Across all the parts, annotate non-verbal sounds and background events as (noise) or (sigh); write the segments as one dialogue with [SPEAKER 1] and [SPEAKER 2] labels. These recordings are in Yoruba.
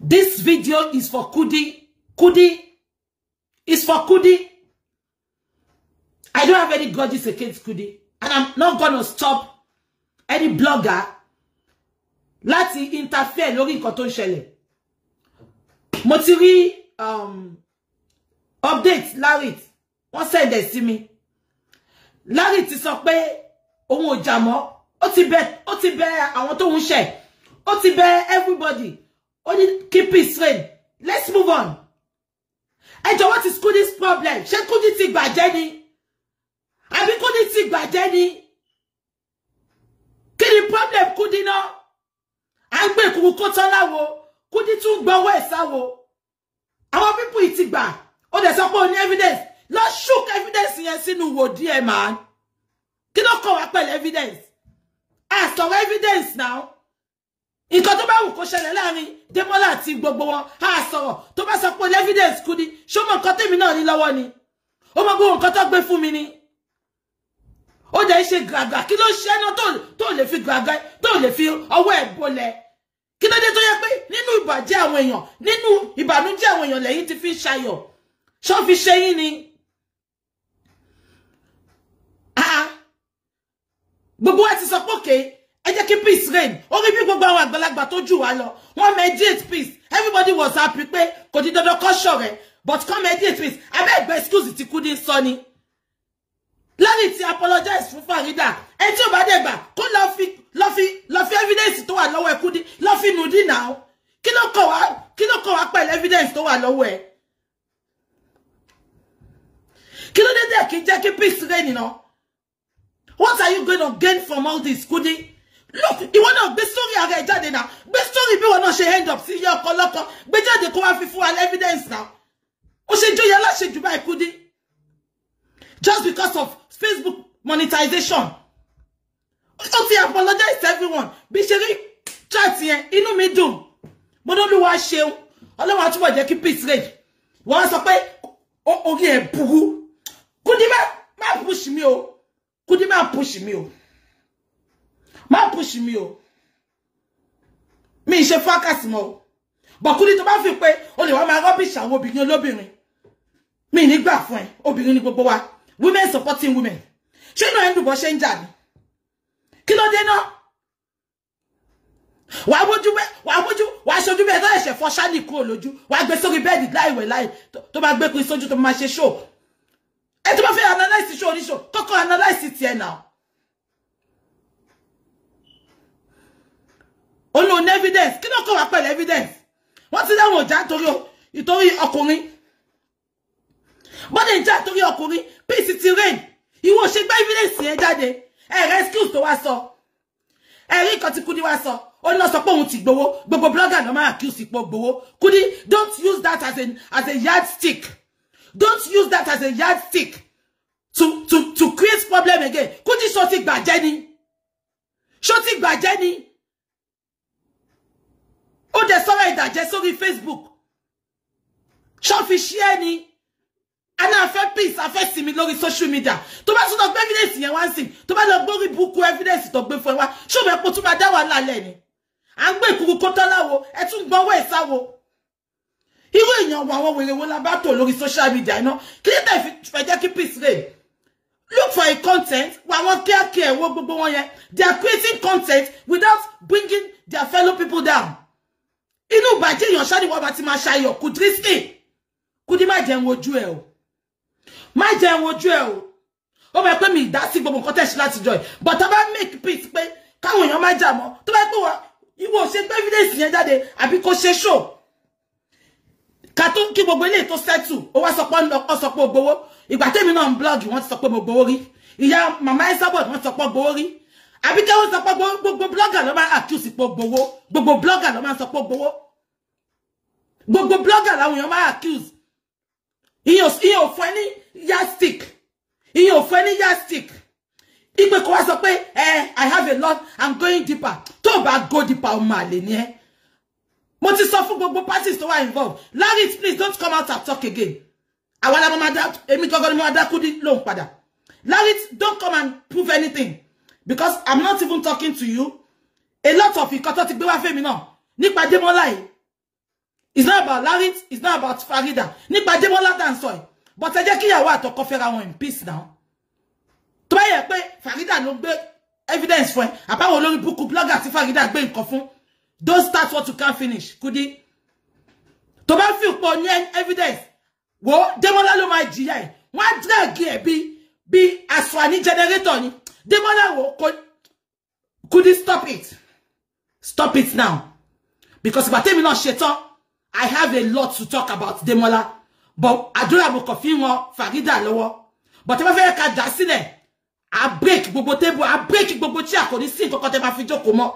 [SPEAKER 1] This video is for Kudi. Kudi. is for Kudi. I don't have any grudges against Kudi. And I'm not going to stop any blogger láti interfere lórí nǹkan tó ń Mo ti rí um, update Larry. Wọ́n they see me? Larry ti sọ pé Jamo, ò jà mọ́. Ó ti bẹ àwọn tó ń Ó ti bẹ everybody. Only keep keep Israel let's move on I don't want to school this problem She ṣé Kudi ti gbàjẹ́ ni àbí Kudi ti by Jenny. Can the problem Kudi náà I'm ń gbé ìkùkù kó tán láwo Kudi tún gbọ́ owó I want people to ti gbà Oh, there's sọ pé evidence lọ shook evidence yẹn sínú wò díẹ̀ man kí ló kọ̀ wá pẹ̀lú evidence àsọ̀rọ̀ evidence now nǹkan tó bá wù kó ṣẹlẹ̀ láàrin Débọ́lá àti gbogbo wọn á sọ̀rọ̀ tó bá sọ pé evidence kú ni ṣó mọ nǹkan tèmi náà ní lọ́wọ́ ni ó mọ gbogbo nǹkan tó gbé fún mi ni ó dẹ̀ ṣe gàgà kí ló ṣe ẹná tó lè fi gàgà tó lè fi ọwọ́ ẹ̀ bolẹ̀ kí ló dé tó yẹ pé nínú ìbàjẹ́ àwọn èèyàn nínú ìbànújẹ́ àwọn èèyàn lẹ́yìn ti fi ṣayọ̀ ṣó fi ṣe yín ni. Ah, ah. gbogbo wa ti sọ pé òkè ẹ jẹ́ kí peace reign orí bí gbogbo àwọn àgbàlagbà tó jù wá lọ wọ́n mediate peace everybody was happy pé kò di dandan kọ́ ṣọ̀rẹ́ but come mediate peace abẹ́ ìgbà excuse ti kú ní sọ ni lẹ́yìn apologize fún Farida ẹ tí ò bá dẹ̀ gbà kó lọ fi lọ fi lọ fi evidence to wà lọ́wọ́ ẹ kú dí lọ fi nù dí náà kí ló kọ̀ wá kí ló kọ̀ wá evidence to wà lọ́wọ́ ẹ kí ló dé dẹ̀ kí jẹ́ kí peace reign náà what are you going to gain from all this kudi look ìwọ náà gbé sórí ara ẹ jáde náà gbé sórí bí ìwọ náà ṣe end up sí iye ọkọ lọkọ gbé jáde kó wá fi fún wa evidence náà ó ṣe jóyè aláṣejù báyìí kú dín just because of Facebook monetization ó ti apologize to everyone bí ṣe rí chat yẹn inú mi dùn mọ́dọ́lúwa ṣeun ọlọ́run àtúbọ̀ jẹ́ kí peace rage wọ́n sọ pé orí ẹ̀ burú Kudi má push mi o Kudi má push mi o má push mi o mi ṣe fákàsì mọ́ o bọ̀kúrí tó bá fi pé o lè wá máa rọ́bìṣì àwọn obìnrin olóbìnrin mi nígbà fún ẹ obìnrin ni gbogbo wa women supporting women ṣé náà ẹ ń dùbọ̀ ṣe ń jà ní kí ló dé náà wà á bójú bẹ́ẹ̀ wà á bójú wà á ṣojú bẹ́ẹ̀ tó ẹ̀ṣẹ̀ fọ́ ṣáàlì kúrò lójú wà á gbé sórí bẹ́ẹ̀dì láìwẹ̀ láì tó bá gbé pin sójú tó máa ṣe ṣó ẹ tó bá fẹ́ analyse ṣó oníṣó kọ́kọ́ analyse tiẹ̀ náà ó lóun evidence kí ló kọ́ wá pẹ̀lú evidence wọ́n ti dáhùn ọjà nítorí ìtorí ọkùnrin bọ́dẹ̀ ń já torí ọkùnrin peace ti reign ìwọ ṣe gbá evidence yẹn jáde ẹ̀rẹ́ skills tó wá sọ ẹ̀rí kan ti Kudi wá sọ ó lọ sọ pé òun ti gbowó gbogbo blogger ló máa accuse ipò gbowó Kudi don't use that as a as a yardstick don't use that as a yardstick to to to create problem again Kudi sọ ti gbàjẹ́ ni sọ ti gbàjẹ́ ni ó dẹ̀ sọ̀rọ̀ ìdàjẹ́ sórí Facebook ṣọ́ọ̀fì ṣíẹ́ ni a ní afẹ́ peace afẹ́ sinmi lórí social media tó bá tún lọ gbé evidence yẹn wá sí tó bá lọ gbórí buku evidence tó gbé fún ẹ wá ṣọ́ọ̀bù ẹ̀pọ̀ tún máa dá wàhálà lẹ̀ ni à ń gbé ìkúrú kótó láwo ẹ tún gbọ́ owó ìsáwo irú èèyàn wọ àwọn wèrè wo la bá tò lórí social media iná kí ní tẹ̀fí fẹ́ jẹ́ kí peace reign look for a content wọ àwọn kíákíá ẹ̀wọ́ gbogbo wọn yẹn they are creating content without bringing their fellow people down inú ìbàjẹ́ èèyàn ṣáà ni wọ́n bá ti máa ṣayọ̀ Kudrisky Kudi má jẹun ojú ẹ o má jẹun ojú ẹ o ó mọ̀ pé mi ìdásí gbogbo nǹkan tẹ̀sí láti jọ ẹ̀ but bá make peace pé káwọn èèyàn má jà mọ́ tó bá pé wọ́n ìwọ ò ṣe gbé evidence yẹn jáde àbí kò ṣe show ká tó kí gbogbo eléyìí tó settle ó wá sọ pé ó sọ pé ó gbowó ìgbà tèmi náà ń blog wọ́n ti sọ pé mo gbowó rí ìyá màmá Esabod wọ́n ti sọ pé ó gbowó rí àbí kẹ́wọ́n sọ pé gbogbo blogger ló máa accuse pé ó gbowó gbogbo blogger ló máa sọ pé ó gbogbo blogger làwọn èèyàn máa accuse ìyẹn ò fún ẹ ní yastic ìyẹn ò fún ẹ ní yastic ìpè kò i have a lot i'm going deeper tó o go deeper ọmọ àlè ni ẹ mo ti sọ fún gbogbo parties to wà involved larry please don't come out and talk again àwa la mo máa dá èmi gangan ni mo máa dá kúdí lóhùn padà larry don't come and prove anything because i'm not even talking to you a lot of nǹkan tó ti gbé wá fẹ́mi náà nípa Démọ́lá yìí it's not about Larry it's not about Farida nípa Débọ́lá tá à ń sọ but ẹ jẹ́ kí ìyàwó àtọkọ fẹ́ra in peace now tó bá yẹ Farida no be evidence for. ẹ àbáwọn olórí buku blogger tí Farida be in kofun. don't start what you can't finish Kudi To ba fi pọ̀ ní evidence wo Débọ́lá ló máa jìyà ẹ̀ wọ́n á drag ẹ̀ bí bí aṣọ àní generator ni Débọ́lá wo kò Kudi stop it stop it now because ìgbà tèmi náà ṣetán. I have a lot to talk about Demola. But I àdúrà mo kàn fi wọn Farida lower. But tẹ́ bá fẹ́ ká dá sílẹ̀. break gbogbo table, I break gbogbo chair kò ní sí nǹkan tẹ́ bá fi jókòó mọ́.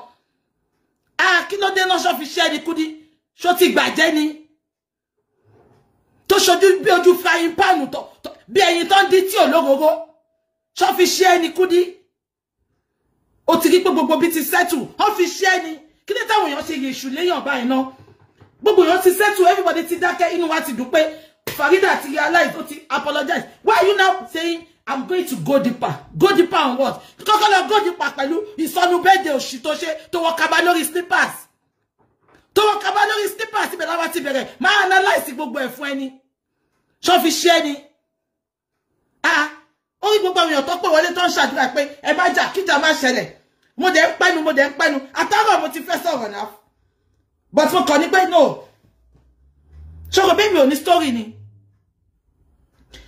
[SPEAKER 1] Ah kí ló dé no so fi share ni by Jenny. To gbàjẹ́ ni. Tó ṣojú bí ojú frying pan tó bí ẹyin ton di tí ológogo. Ṣó fi share ni kudi. Ó ti rí pé gbogbo bí ti settle. Ó fi share ni. Kí ni táwọn èèyàn ṣe yesule yan báyìí náà gbogbo èèyàn ti settle everybody ti dákẹ́ inú wa ti dùn pé Farida ti realize ó ti apologize why are you now saying I'm going to go deeper go deeper on what kọ́kọ́ lọ go deeper pẹ̀lú ìsọnù bẹ́ẹ̀dẹ̀ òṣì tó ṣe tó wọ kaba lórí slippers tó wọ kaba lórí slippers ibẹ̀ láwa ti bẹ̀rẹ̀ máa analyse gbogbo ẹ̀ fún ẹni ṣọ́ fi ṣe ẹni ó rí gbogbo àwọn èèyàn tó pè wọlé tó ń ṣàdúrà pé ẹ má jà kíjà má ṣẹlẹ̀ mo dẹ̀ ń pẹ́nu mo dẹ̀ ń pẹ́nu àtàrà mo ti fẹ́ sọ̀rọ̀ náà but mo kàn ní pé no ṣọ́kọ̀ bẹ́ẹ̀ mi ò ní story ni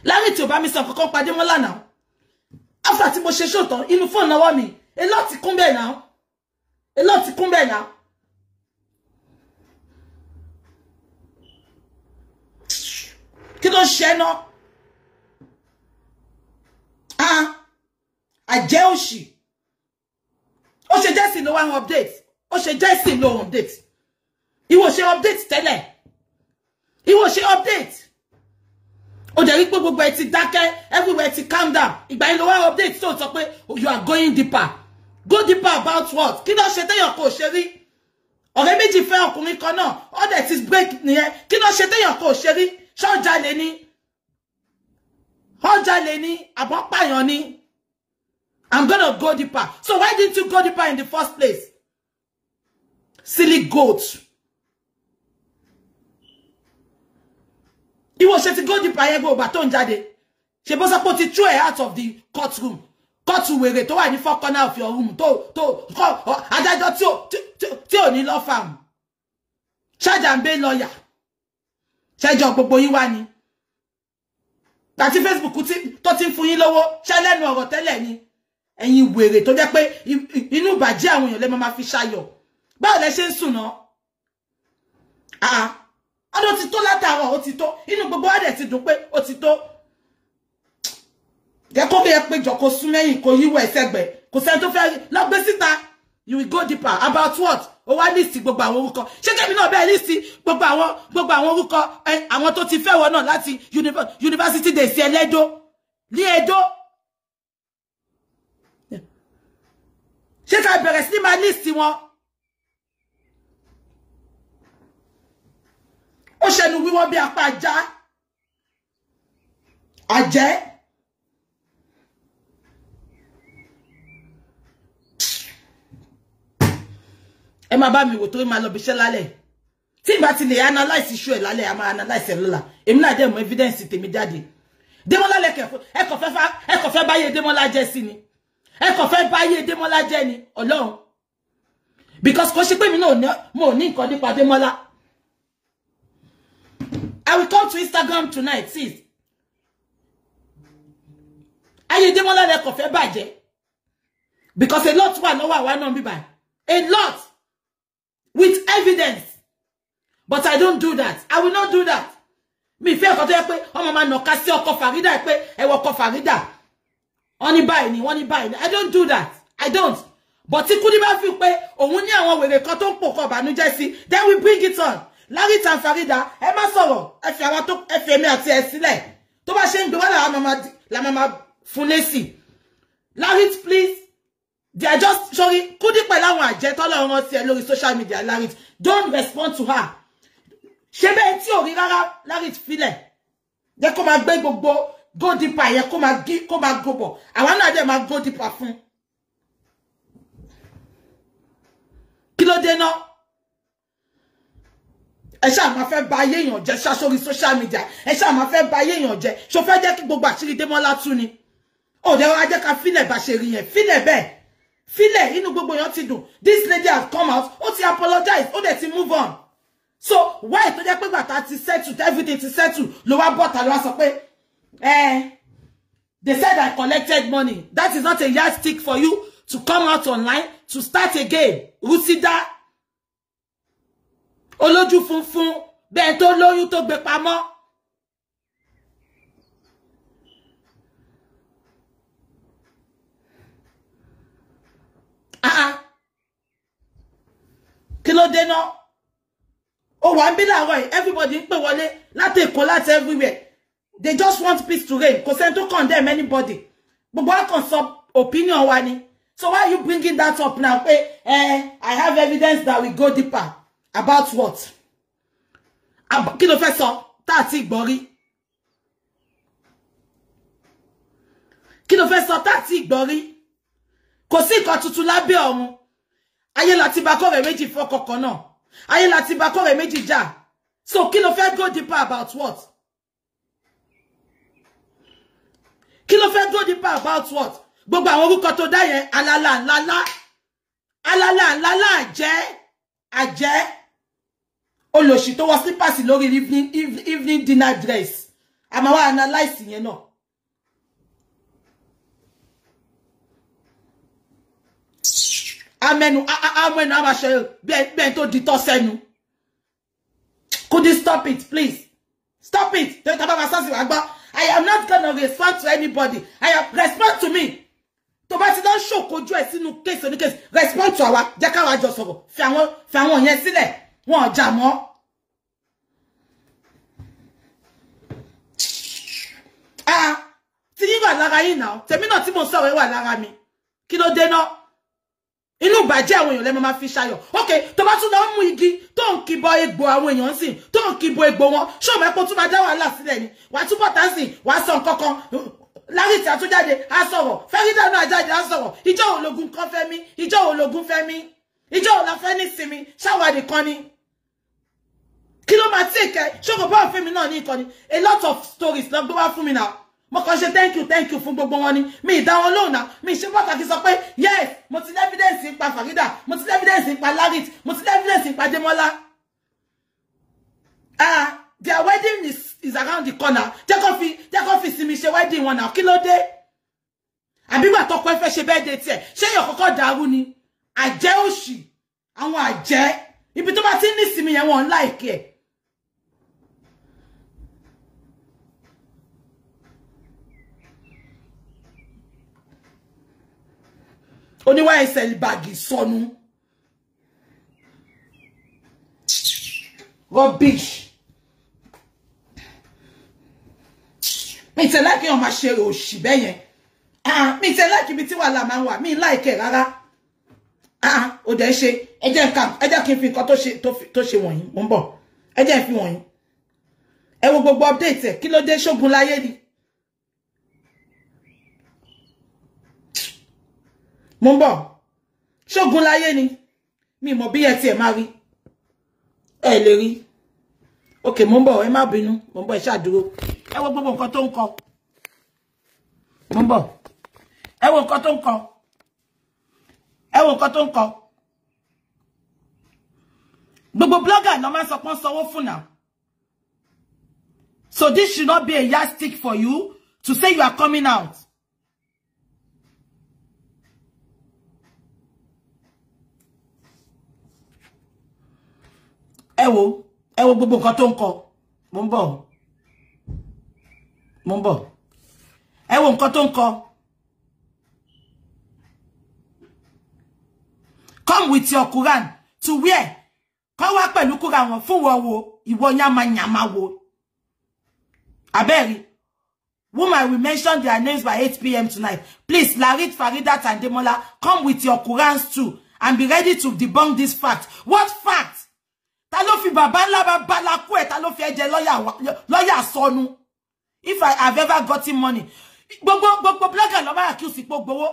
[SPEAKER 1] lárí tí ò bá mi sọ kankan pàdé mọ́ lánàá after tí mo ṣe ṣòtàn inú fóònù lọ́wọ́ mi a lot ti kún bẹ́ẹ̀ náà a lot ti kún bẹ́ẹ̀ náà. kí ló ṣe ná ah, àjẹ́ òṣì ó ṣe jẹ́sìn ló wá ń update ó ṣe jẹ́sìn ló update ìwọ ṣe update tẹ́lẹ̀ ìwọ ṣe update ó dẹ̀ rí pé gbogbo ẹ ti dákẹ́ everywhere ti calm down ìgbà yìí ló wá update so sọ pé oh, you are going deeper go deeper about what kí ló ṣe téèyàn kò ṣe rí ọ̀rẹ́ méjì fẹ́ ọkùnrin kan náà All dẹ̀ break nìyẹn kí ló ṣe téèyàn kò ṣe rí ṣọ́ọ̀jà lè ní ọjà lè ní àbọ̀ pààyàn ni I'm gonna go deeper so why didn't you go deeper in the first place silly goats. ìwọ ṣe ti go deep ayé gbogbo ìgbà tó ń jáde ṣe bó sọpọ ti throw her out of the court room court wèrè tó wà ní four corner of your room To to tó tó adájọ́ tí ò law firm. Charge and bail lawyer. lọ́ọ̀yà ṣẹjọ gbogbo yín wá ni àti Facebook tó ti ń fún yín lọ́wọ́ ṣẹlẹ́nu ọ̀rọ̀ tẹ́lẹ̀ ni ẹ̀yin wèrè tó jẹ́ pé inú ìbàjẹ́ àwọn èèyàn lè máa fi ṣayọ̀ báwo lẹ ṣe ń sùn ah. ah adó ti tó látàárọ̀ ó ti tó inú gbogbo wa ti dùn pé ó ti tó jẹ́ bí ẹ péjọ kó sún mẹ́yìn kó yíwọ ẹ̀sẹ̀gbẹ̀ kò sẹ́ni tó fẹ́ lọ gbé síta you go deeper about what ó wá líìsì gbogbo àwọn orúkọ ṣé kébì náà bẹ́ẹ̀ líìsì gbogbo àwọn gbogbo àwọn orúkọ àwọn tó ti fẹ́ náà láti yunifásitì dè sí ní ẹjọ́ ṣé ká bẹ̀rẹ̀ sí ní máa líìsì wọn ó ṣẹnu wíwọ́ bí apá ajá àjẹ́. ẹ máa bá mi wò tó máa lọ bíṣẹ́ lálẹ́ tí ìgbà tí lè analyse iṣu ẹ̀ lálẹ́ a máa analyse ẹ̀ lọ́la èmi náà dẹ̀ mọ evidence tèmi jáde Démọ́lá lẹ́kẹ̀ ẹ kò fẹ́ ẹ kò fẹ́ báyé Démọ́lá jẹ́ sí ni ẹ kò fẹ́ báyé Démọ́lá jẹ́ ni Ọlọ́run because kò ṣe pé mi náà mo ní nǹkan nípa Démọ́lá I will come to Instagram tonight, sis. Ayédèmọ́lá lẹ́kọ̀ọ́ fẹ́ bàjẹ́. Because a lot no wà lọ́wọ́ àwa náà bíbá. A lot. With evidence. But I don't do that. I will not do that. Mi fẹ́ ọ̀kan tó yẹ pé ọmọ no nàka sí ọkọ Farida pé ẹ wọ ọkọ Farida. Wọ́n ní báyìí ni, wọ́n ní báyìí ni. I don't do that. I don't. But tí Kúdí bá fi pé òun ní àwọn wèrè kan tó ń pò kọ ìbànújẹ́ sí, then we bring it on. Larry and Farida ẹ má sọ̀rọ̀ ẹ fi àwa tó ẹ fi èmi àti ẹ sílẹ̀ tó bá ṣe ń gbé wá la máa fún lésì Larry please they are just sorry kúdí pẹ̀lú àwọn àjẹ tọ́lọ́run wọn ti ẹ lórí social media Larit, don't respond to her ṣe bẹ́ẹ̀ tí ò rí rárá Larry filẹ̀ jẹ́ kó máa gbé gbogbo go deeper yẹn kó máa gí kó máa gbòbọ̀ àwa náà dẹ̀ máa go deeper fún kí ló dé náà ẹ ṣáà máa fẹ́ ba ayé èèyàn jẹ́ ṣá sórí social media ẹ ṣáà máa fẹ́ ba ayé èèyàn jẹ́ ṣó fẹ́ jẹ́ kí gbogbo àṣírí Démọ́lá tú ni òde wa jẹ́ ká fílẹ̀ bá ṣe rí yẹn fílẹ̀ bẹ́ẹ̀ fílẹ̀ inú gbogbo èèyàn ti dùn this lady has come out ó ti apologize ó dẹ̀ ti move on so why tó jẹ́ pé gbàtà ti settle everything ti settle ló wá bọ̀tà ló wá sọ pé ẹ eh, they said I collected money that is not a yardstick for you to come out online to start again rusida olójú funfun bẹ́ẹ̀ tó lóyún tó gbé pamọ́. Ah, ah. kí ló dé náà ó wà ń bí láàárọ̀ yìí everybody ń pè wọlé láti èkó láti everywhere they just want peace to reign kò sẹ́ni tó condemn anybody gbogbo akàn sọ opinion wa ni so why you bringing that up now pé eh, I have evidence that we go deeper about what kí ló fẹ́ sọ tá a ti gbọ́ rí kí ló fẹ́ sọ tá a ti gbọ́ rí kò sí nǹkan tuntun lábẹ́ ọ̀run ayé láti bá kọ́rẹ̀ méjì fọ́kọ̀ náà ayé láti bá kọ́rẹ̀ méjì jà so kí ló fẹ́ go deeper about what kí ló fẹ́ go deeper about what gbogbo àwọn orúkọ tó dá yẹn alala ńláńlá alala ńláńlá àjẹ́ àjẹ́ olóṣì tó wọ sípàsì lórí evening evening dinner dress a máa wá analyse yẹn náà amẹnu amẹnu a máa ṣe bẹ́ẹ̀ tó di tọ́ sẹ́nu could you stop it please stop it tẹ́tàbá máa sọ́ọ̀sì wá gbọ́ I am not gonna respond to anybody I am respond to me tó bá ti don show kojú ẹ sínú case oní case respond to àwa jẹ́ ká wá jọ sọ̀rọ̀ fi àwọn fi àwọn yẹn sílẹ̀ wọn ò jà mọ́ ah tí yín wà lára yín náà tèmi náà tí mo sọ̀rọ̀ wà lára mi kí ló dé náà inú ìbàjẹ́ àwọn èèyàn lẹ́mọ máa fi ṣayọ̀ ok tó bá tún lọ mú igi tó ń kìbọ egbò àwọn èèyàn sìn tó ń kìbọ egbò wọn ṣọ́ọ̀mù ẹ̀pọ̀ tún máa dá wàhálà sílẹ̀ ni wàá tún bọ̀tà sìn wàá sọ nǹkan kan lárí tí a tún jáde á sọ̀rọ̀ fẹ́rídà náà jáde á sọ̀rọ̀ ìjọ́ òlògùn kan fẹ́ mi ìjọ́ òlògùn fẹ́ mi ìjọ́ òlòfẹ́ ní sinmi ṣáwádìí kan ni kí ló máa tí ìkẹ́ ṣọ́kọ̀ bá òfin mi náà ní a lot of stories lọ gbé wá fún mi náà mo kàn ṣe thank you thank you fún gbogbo wọn ni mi ì dá wọn lóhùn náà mi ì ṣe pàtàkì sọ pé yes mo ti ní evidence nípa Farida mo ti ní evidence nípa Larit mo ti ní evidence nípa Demola ah their wedding is, is around the corner jẹ́ kó fi jẹ́ kó fi sinmi ṣe wedding wọn náà kí ló dé àbígbà tọkọ ẹ fẹ́ ṣe bẹ́ẹ̀ de tiẹ̀ ṣé èèyàn kọ́kọ́ dàrú ni àjẹ́ òṣì àwọn àjẹ́ ibi tó bá ti ń nísìmí yẹn wọn ń láìkí ẹ̀ oníwà ẹsẹ̀ bàgì sọnù rubbish mi tẹ láìkí ọmọ ṣe òṣì bẹ́ẹ̀ yẹn ah, mi tẹ láìkí ibi tí wàhálà máa ń wà mí láìkẹ́ rárá ó ah, dẹ̀ ṣe ẹ jẹ́ nǹkan ẹ jẹ́ kí n fi nǹkan tó ṣe wọ̀nyí mo ń bọ̀ ẹ jẹ́ n fi wọ̀nyí ẹ wo gbogbo update ẹ kí ló dé ṣógun ni. mo ń bọ̀ ṣógun láyé ni mi mọ̀ bí ẹ tiẹ̀ máa rí ẹ lè rí òkè mo ń bọ̀ ẹ má bínú mo ń bọ̀ ẹ ṣàdúró ẹ wo gbogbo nǹkan tó ń kọ mo ń bọ̀ ẹ wo nǹkan tó ń kọ ẹ wo nǹkan tó ń kọ gbogbo blogger ló máa sọ pé wọ́n sanwó fún náà so this should not be a yardstick for you to say you are coming out ẹ wo ẹ wo gbogbo nǹkan tó ń kọ mo ń bọ̀ mo ń bọ̀ ẹ wo tó ń kọ come with your Quran to where kọ́ wá pẹ̀lú kúra wọn fún wọn wo ìwọ yamayama wo abẹ́rí woman we mention their names by 8 p.m. tonight please Larit Farida, and Demola come with your Qurans too and be ready to debunk this fact what fact fi bàbá ńlá bàbá la kú ẹ̀ ta ló fi ẹ jẹ lọ́yà sọnù if I have ever gotten money gbogbo gbogbo blogger ló máa accuse pé ó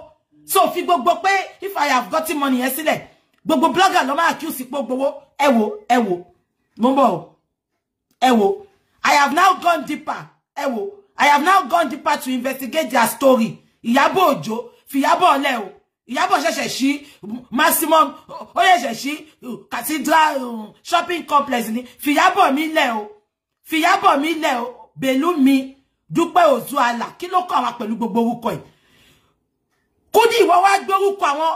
[SPEAKER 1] so fi gbogbo pé if I have gotten money yẹn sílẹ̀ gbogbo blogger ló máa accuse pé ó ewo, ẹ wò mo ń bọ̀ I have now gone deeper Ewo, I have now gone deeper to investigate their story Ìyábọ̀ Òjó fìyábọ̀ ọ̀lẹ́ o. Ìyábọ̀ ṣẹ̀ṣẹ̀ ṣí maximum ó ṣẹ̀ṣẹ̀ ṣí uh, cathedral um, shopping complex ni fìyábọ̀ mi lẹ̀ o fìyábọ̀ mi lẹ̀ o bèlú mi dúpẹ́ òtú àlà kí ló kọ́ àwọn pẹ̀lú gbogbo orúkọ yìí kúdì ìwọ wá gbórúkọ àwọn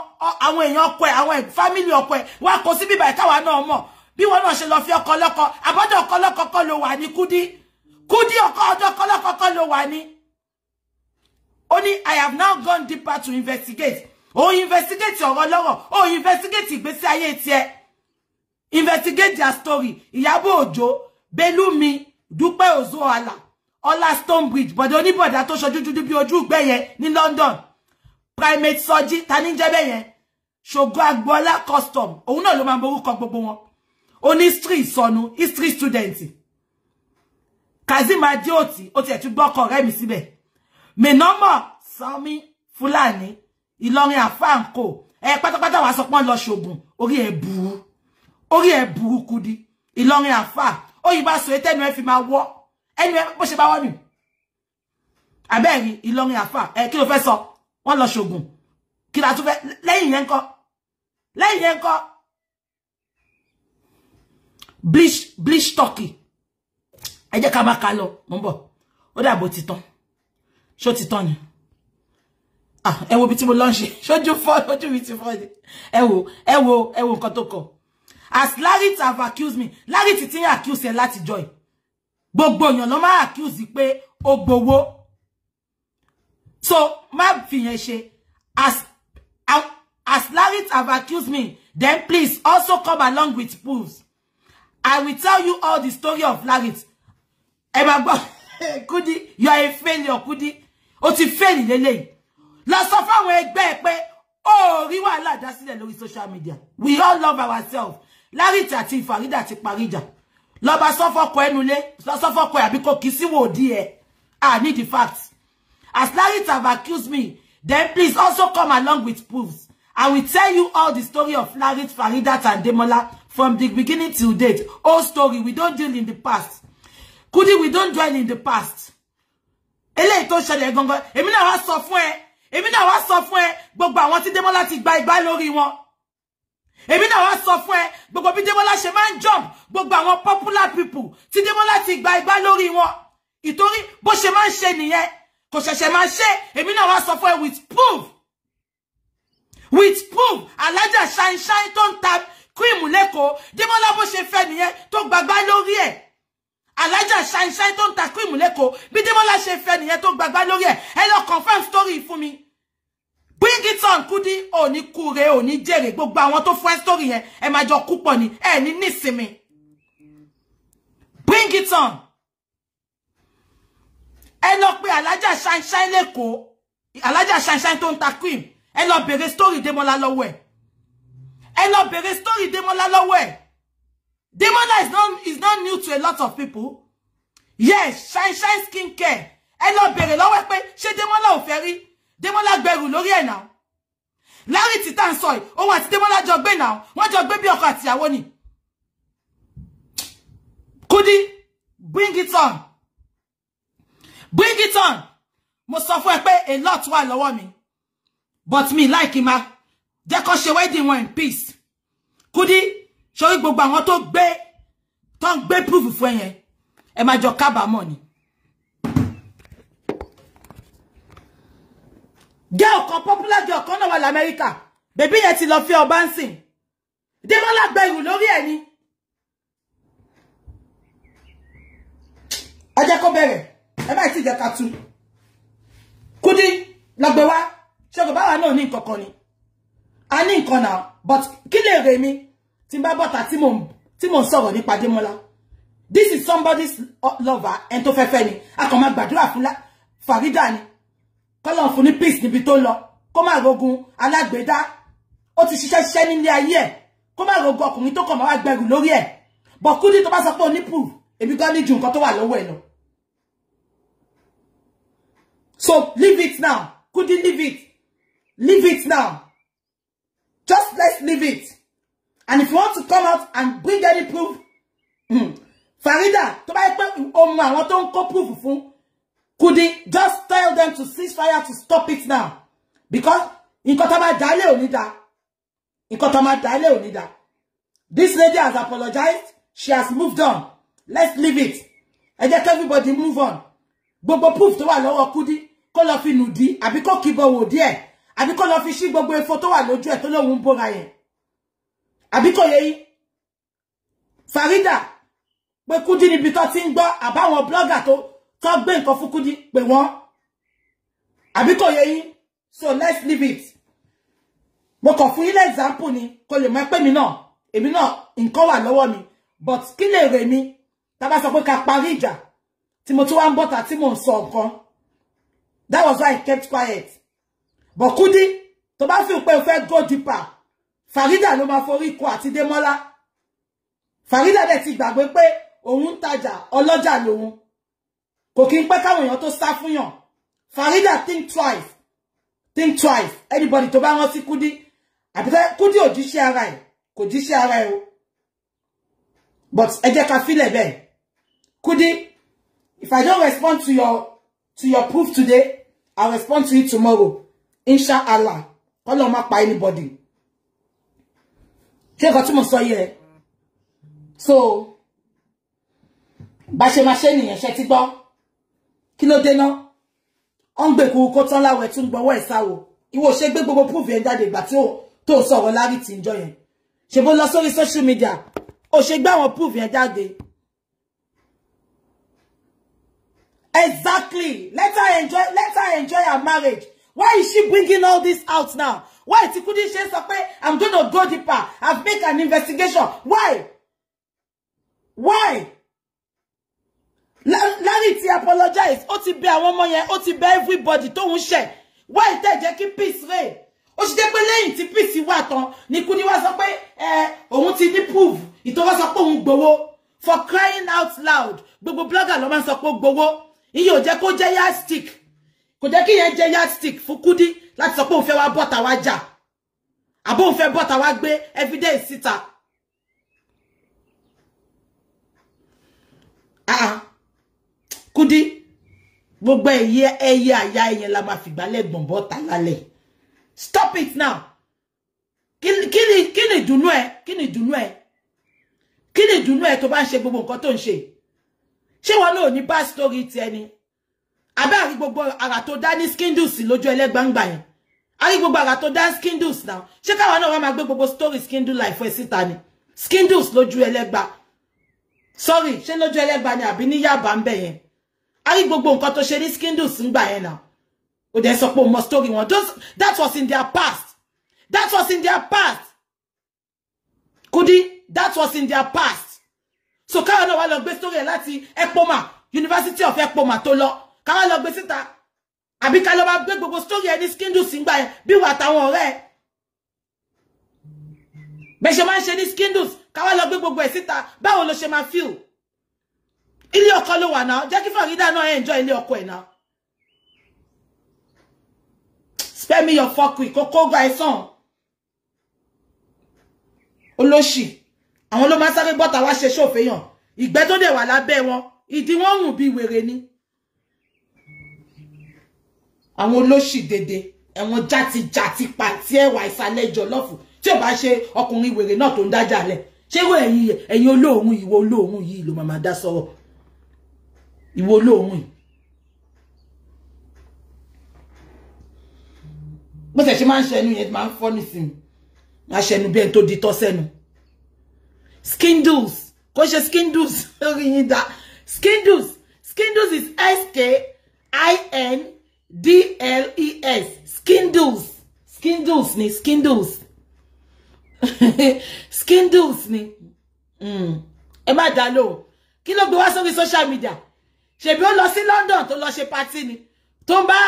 [SPEAKER 1] àwọn èèyàn ọkọ ẹ àwọn fámìlì ọkọ ẹ wá kó síbí báyìí káwa náà mọ̀ bí wọn náà ṣe lọ fi ọkọ lọkọ àbọdọ ọkọ lọkọ kọ ló wà ní kúdí kúdí ọkọ ọdọ ọkọ lọkọ kọ ló wà ní. ó ní I have now gone deeper to investigate o investigate ọ̀rọ̀ lọ́rọ̀ o investigate ìgbésí ayé tiẹ̀ investigate their story Ìyábọ̀ Belumi Bẹ́lúmi Dúpẹ́ Òzòàlà Ọlá Stonebridge bọ̀dọ̀ oníbọ̀dá tó ṣojú dúdú bí oju ìgbẹ́ yẹn ní London primate surgery tani jẹ́bẹ̀ yẹn ṣògo agboola custom òun náà ló máa ń borúkọ gbogbo wọn oní history ìsọnù history student Kazeem Adeoti ó tiẹ̀ tún gbọ́kọ̀ rẹ́mi síbẹ̀ mẹ́nọ́mọ̀ Sami Fulani. Ìlọrin àfáà ńkò ẹ pátápátá wàá sọ pọ́n lọ ṣògùn orí ẹ̀ burú orí ẹ̀ burúkú di Ìlọrin àfáà òyìnbá sọ ètò ẹnu ẹ fi máa wọ́ ẹnu ẹ bó ṣe bá wọ́ nì àbẹ́ẹ̀rí Ìlọrin àfáà ẹ kí ló fẹ́ sọ wọ́n lọ ṣògùn kí la tún fẹ́ lẹ́yìn yẹn ńkọ́ lẹ́yìn yẹn ńkọ́ bleach bleach turkey ẹ jẹ́ ká máa kà lọ mò ń bọ̀ ó dàbò ti tán ṣó ti tán ni ah ẹ wo bí mo lọ ń ṣe ṣojú fọ́ ojú mi ti fọ́ ni ẹ wo ẹ wo tó kọ as Larry have accused me Larry ti ti ń accuse ẹ láti joy gbogbo èèyàn ló máa accuse pé ó gbowó so má fi yẹn ṣe as as Larry have accused me then please also come along with proofs I will tell you all the story of Larry ẹ máa gbọ́ (laughs) Kudi you are a failure Kudi o ti fail lélẹ́yìí lọ sọ fáwọn ẹgbẹ́ ẹ pé ó rí wàhálà dá sílẹ̀ lórí social media we all love ourselves Larry àti Farida ti parí ìjà lọ bá sọ́fọ́kọ ẹnulé lọ sọ́fọ́kọ ẹ àbí kì í síwò dí ẹ I need the facts as Larry have accused me then please also come along with proofs I will tell you all the story of Larry Farida and Demola from the beginning till date old story we don't deal in the past Kudi we don't dwell in the past eléyìí tó ṣẹlẹ̀ gangan èmi náà wá sọ fún ẹ èmi na wa sọ fún ẹ gbogbo àwọn tí Démọ́lá ti gba ìgbà lórí wọn èmi náà wá sọ fún ẹ gbogbo bí Démọ́lá ṣe máa ń jump gbogbo àwọn popular people ti demola ti gba ìgbà lórí wọn ìtorí bó ṣe máa ń ṣe nìyẹn kò ṣẹ̀ṣẹ̀ máa ṣe èmi náà wá sọ fún with proof with proof alájà ṣáínṣáín tó ń ta kírìmù lẹ́kọ̀ọ́ Démọ́lá bó ṣe fẹ́ nìyẹn tó gbagbá lórí ẹ̀ alájà ṣáínṣáín tó ń ta cream lẹ́kọ̀ọ́ bí Démọ́lá ṣe fẹ́ nìyẹn tó gbagbá lórí ẹ̀ ẹ lọ confirm story fún mi bring it on Kudi òní kure òní jèrè gbogbo àwọn tó fún ẹ story yẹn ẹ máa jọ kú pọ̀ ni ẹ ní nísinmi bring it on ẹ lọ pé alájà ṣáínṣáín lẹ́kọ̀ọ́ alájà ṣáínṣáín tó ń ta cream ẹ lọ bèrè story Démọ́lá lọ́wọ́ ẹ ẹ lọ bèrè story Démọ́lá lọ́wọ́ ẹ. Demona is not is not new to a lot of people. Yes, shine shine skincare. Ẹ lọ bèrè lọ́wọ́ pé ṣé Demola ò fẹ́ rí? Demola gbẹrù lórí ẹ̀ Larry ti tàn sọ yìí, òun àti Demola jọ gbé náà. Wọ́n jọ gbé bí Kudi, bring it on. Bring it on. Mustafa sọ a lot while lọ́wọ́ me, But me like him. ah. kó she wedding one in peace. Kudi, sórí gbogbo àwọn tó gbé tó ń gbé proof fún ẹyẹn ẹ máa jọ kábàámọ̀ ni. girl kan popular girl kan náà wà lamẹ́ríkà bèbí yẹn ti lọ fẹ́ ọba ń sìn Dẹ́mọ́lá gba ìrù lórí ẹ̀ ni. ẹ jẹ́ kó bẹ̀rẹ̀ ẹ bá ti jẹ́ ká tú Kudi lọ́gbẹ̀ wá ṣe kò báwa náà ní nǹkan kan ni a ní nǹkan náà but kí lè rè mí tí n bá bọ́ta tí mò ń tí mò ń sọ̀rọ̀ this is somebody's lover ẹni tó fẹ́fẹ́ ni a kàn máa gbàdúrà fún Farida ni kọ́lọ́n fún ní peace níbi tó lọ kó má rogun alágbèédá ó ti ṣiṣẹ́ ṣiṣẹ́ nílé ayé ẹ̀ kó má rogun ọkùnrin tó kàn máa wá gbẹrù lórí ẹ̀ bọ̀ Kudi tó bá sọ pé ó ní pù èmi gan ju nǹkan tó wà lọ́wọ́ ẹ̀ lọ. so leave it now Kudi leave it leave it now just let's leave it. And if you want to come out and bring any proof, hmm, Farida, tó bá yẹ pé ọmọ àwọn tó proof could he just tell them to cease fire to stop it now? Because in kotama dale onida, in kotama dale onida. This lady has apologized. She has moved on. Let's leave it. And let everybody move on. Gbogbo proof tó wà Kudi call lọ fi nùdí Abiko kiba kíbọ̀ Abiko díẹ̀ àbí kó lọ fi ṣí gbogbo efo tó wà lójú ẹ̀ tó lóun Abiko kò Farida pé Kúdí níbi tó ti ń gbọ́ àbáwọn blọ́gà tó tó gbé nǹkan fún Kúdí pé wọ́n àbí so let's leave it mo kàn fún example ni kò lè mọ̀ pé mi náà èmi náà nǹkan wà lọ́wọ́ mi but kí lè rè mí tá bá sọ pé ká parí ìjà tí mo tún wá ń bọ́ta tí mò ń that was why I kept quiet but Kúdí tó bá fi pé o fẹ́ go deeper Farida ló máa forí kọ àti Démọ́lá Farida dẹ̀ ti gbàgbé pé òun ń tajà ọlọ́jà lòun kò kí ń pẹ́ káwọn èèyàn tó sá fún Farida think twice think twice anybody to bá rán sí Kudi àbí Kudi ò jíṣẹ́ ara ẹ̀ kò jíṣẹ́ ara ẹ̀ o but ẹ jẹ́ ká fílẹ̀ bẹ́ẹ̀ Kudi if I don't respond to your to your proof today I'll respond to you tomorrow inshallah kọ́lọ́ má pa anybody ṣé nǹkan tí mo sọ yẹ so bá ṣe máa ṣe nìyẹn ṣe ti gbọ́ kí ló dé náà ọ ń gbèkú kó tán láwọ ẹ tún gbọ́wọ́ ẹ sáwò ìwọ ṣe gbé gbogbo proof yẹn jáde ìgbà tó sọ̀rọ̀ lárí tí ń jọ yẹn ṣe bó lọ sórí social media Oh, ṣe gbé on proof yẹn jáde exactly let her enjoy let her enjoy her marriage why is she bringing all this out now Why tí Kudi ṣe sọ pé I'm going to go deeper. I've made an investigation. Why? Why? Larry ti apologize. Ó ti bẹ àwọn ọmọ yẹn, ó ti bẹ everybody tó ń ṣe. Why tẹ́ jẹ́ kí peace reign? Ó sì jẹ́ pé lẹ́yìn tí peace wà tán ni Kudi wá sọ pé eh òun ti ní proof. Ito wá sọ pé òun gbowó for crying out loud. Gbogbo blogger ló máa sọ pé gbowó. Iye ò jẹ́ kó jẹ́ yardstick. Kò jẹ́ kí yẹn jẹ́ yardstick fún Kudi láti sọ pé òun fẹ́ wá bọ́ta wá jà àbó òun fẹ́ bọ́ta wá gbé evidence síta. Ah, ah. Kúdí gbogbo ẹyẹ ẹyẹ àyà ẹyẹ la máa fìgbà lẹ́gbọ̀n bọ́ta lálẹ́ stop it now kí ni kí ni ìdùnnú ẹ kí ni ìdùnnú ẹ kí ni ìdùnnú ẹ tó bá ń ṣe gbogbo nǹkan tó ń ṣe ṣé wọn náà ní bá sítórí tiẹ ni abẹ́ àrí gbogbo ara tó dá ní skindles lójú ẹlẹ́gbàǹgbà yẹn ayé gbogbo àgbà tó dance skindles náà ṣé káwa náà wá máa gbé gbogbo story skindle life ẹ síta ni skindles lójú ẹlẹ́gba sorry ṣé lójú ẹlẹ́gba ni àbí ni yàbá ń bẹ yẹn ayé gbogbo nǹkan tó ṣe ní skindles ń gbà yẹn náà ó dẹ̀ sọ pé o mọ story that was in their past that was in their past Kudi that was in their past so káwa náà wa lọ gbé story lati Epoma University of Epoma tó lọ káwa lọ gbé síta àbí ká lọ bá gbé gbogbo story ẹni skindle sí gbà yẹn bí wà táwọn ọ̀rẹ́ ẹ̀ bẹ́ẹ̀ ṣe máa ń ṣe ní skindles káwá lọ gbé gbogbo ẹ̀ síta báwo ló ṣe máa feel ilé ọkọ ló wà náà jẹ́ kí Farida náà enjoy ilé ọkọ ẹ̀ náà spare me your fuck with kókó gba ẹ̀sán olóṣì àwọn ló máa sáré bọ́ta wá ṣe ṣòfèèyàn ìgbẹ́ tó dẹ̀ wà lábẹ́ wọn ìdí wọn rùn bíi wèrè ni àwọn olóṣì dédé ẹ̀wọ̀n játijàti pàtí ẹ̀wà ìsàlẹ̀ ìjọlọ́fù tí ò bá ṣe ọkùnrin wèrè náà tó ń dájà lẹ̀ ṣé wọ́n ẹ̀yin ẹ̀yin olóòórùn ìwọ olóòórùn yìí ló máa dá sọ́wọ́ ìwọ olóòórùn yìí. bó ṣe ṣe máa ń ṣẹnu yẹn máa ń fọ́ nísìnyí máa ṣẹnu bí ẹni tó di tọ́ sẹ́nu skindles kò ṣe skindles (laughs) lórí yín dá skindles skindles is s k i n d-l-e-s skindles skindles ni skindles (laughs) skindles ni hmm. ẹ má dá lóhùn kí ló gbé wá sórí social media ṣèbí ó lọ sí London to lọ ṣe pátí ni tó ń bá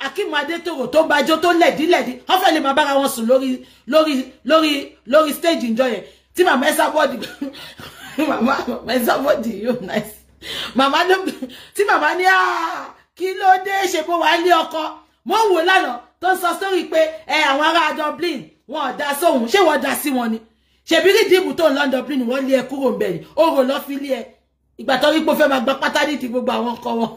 [SPEAKER 1] Akeem Adétòrò tó ń bá jó tó lẹ̀dílẹ̀dí wọ́n fẹ́ lè máa bára wọn lori lori lórí lórí stage enjoy? yẹn tí màmá ẹ sábọ́ọ̀dì (laughs) màmá ẹ sábọ́ọ̀dì yóò náà màmá tí màmá ní àá. Ah! kí ló dé ṣe bó wàá lé ọkọ mo ń wò lánàá tó ń sọ sórí pé ẹ àwọn ará Dublin wọn ò dá sóhun ṣé wọ́n dá sí wọn ni ṣèbí rídìmù tó ń lọ Dublin wọ́n lé ẹ kúrò ń bẹ̀ ni orò lọ́ fi lé ẹ ìgbà tó rí pé ó fẹ́ máa gba pátá nídìí gbogbo àwọn ọkọ wọn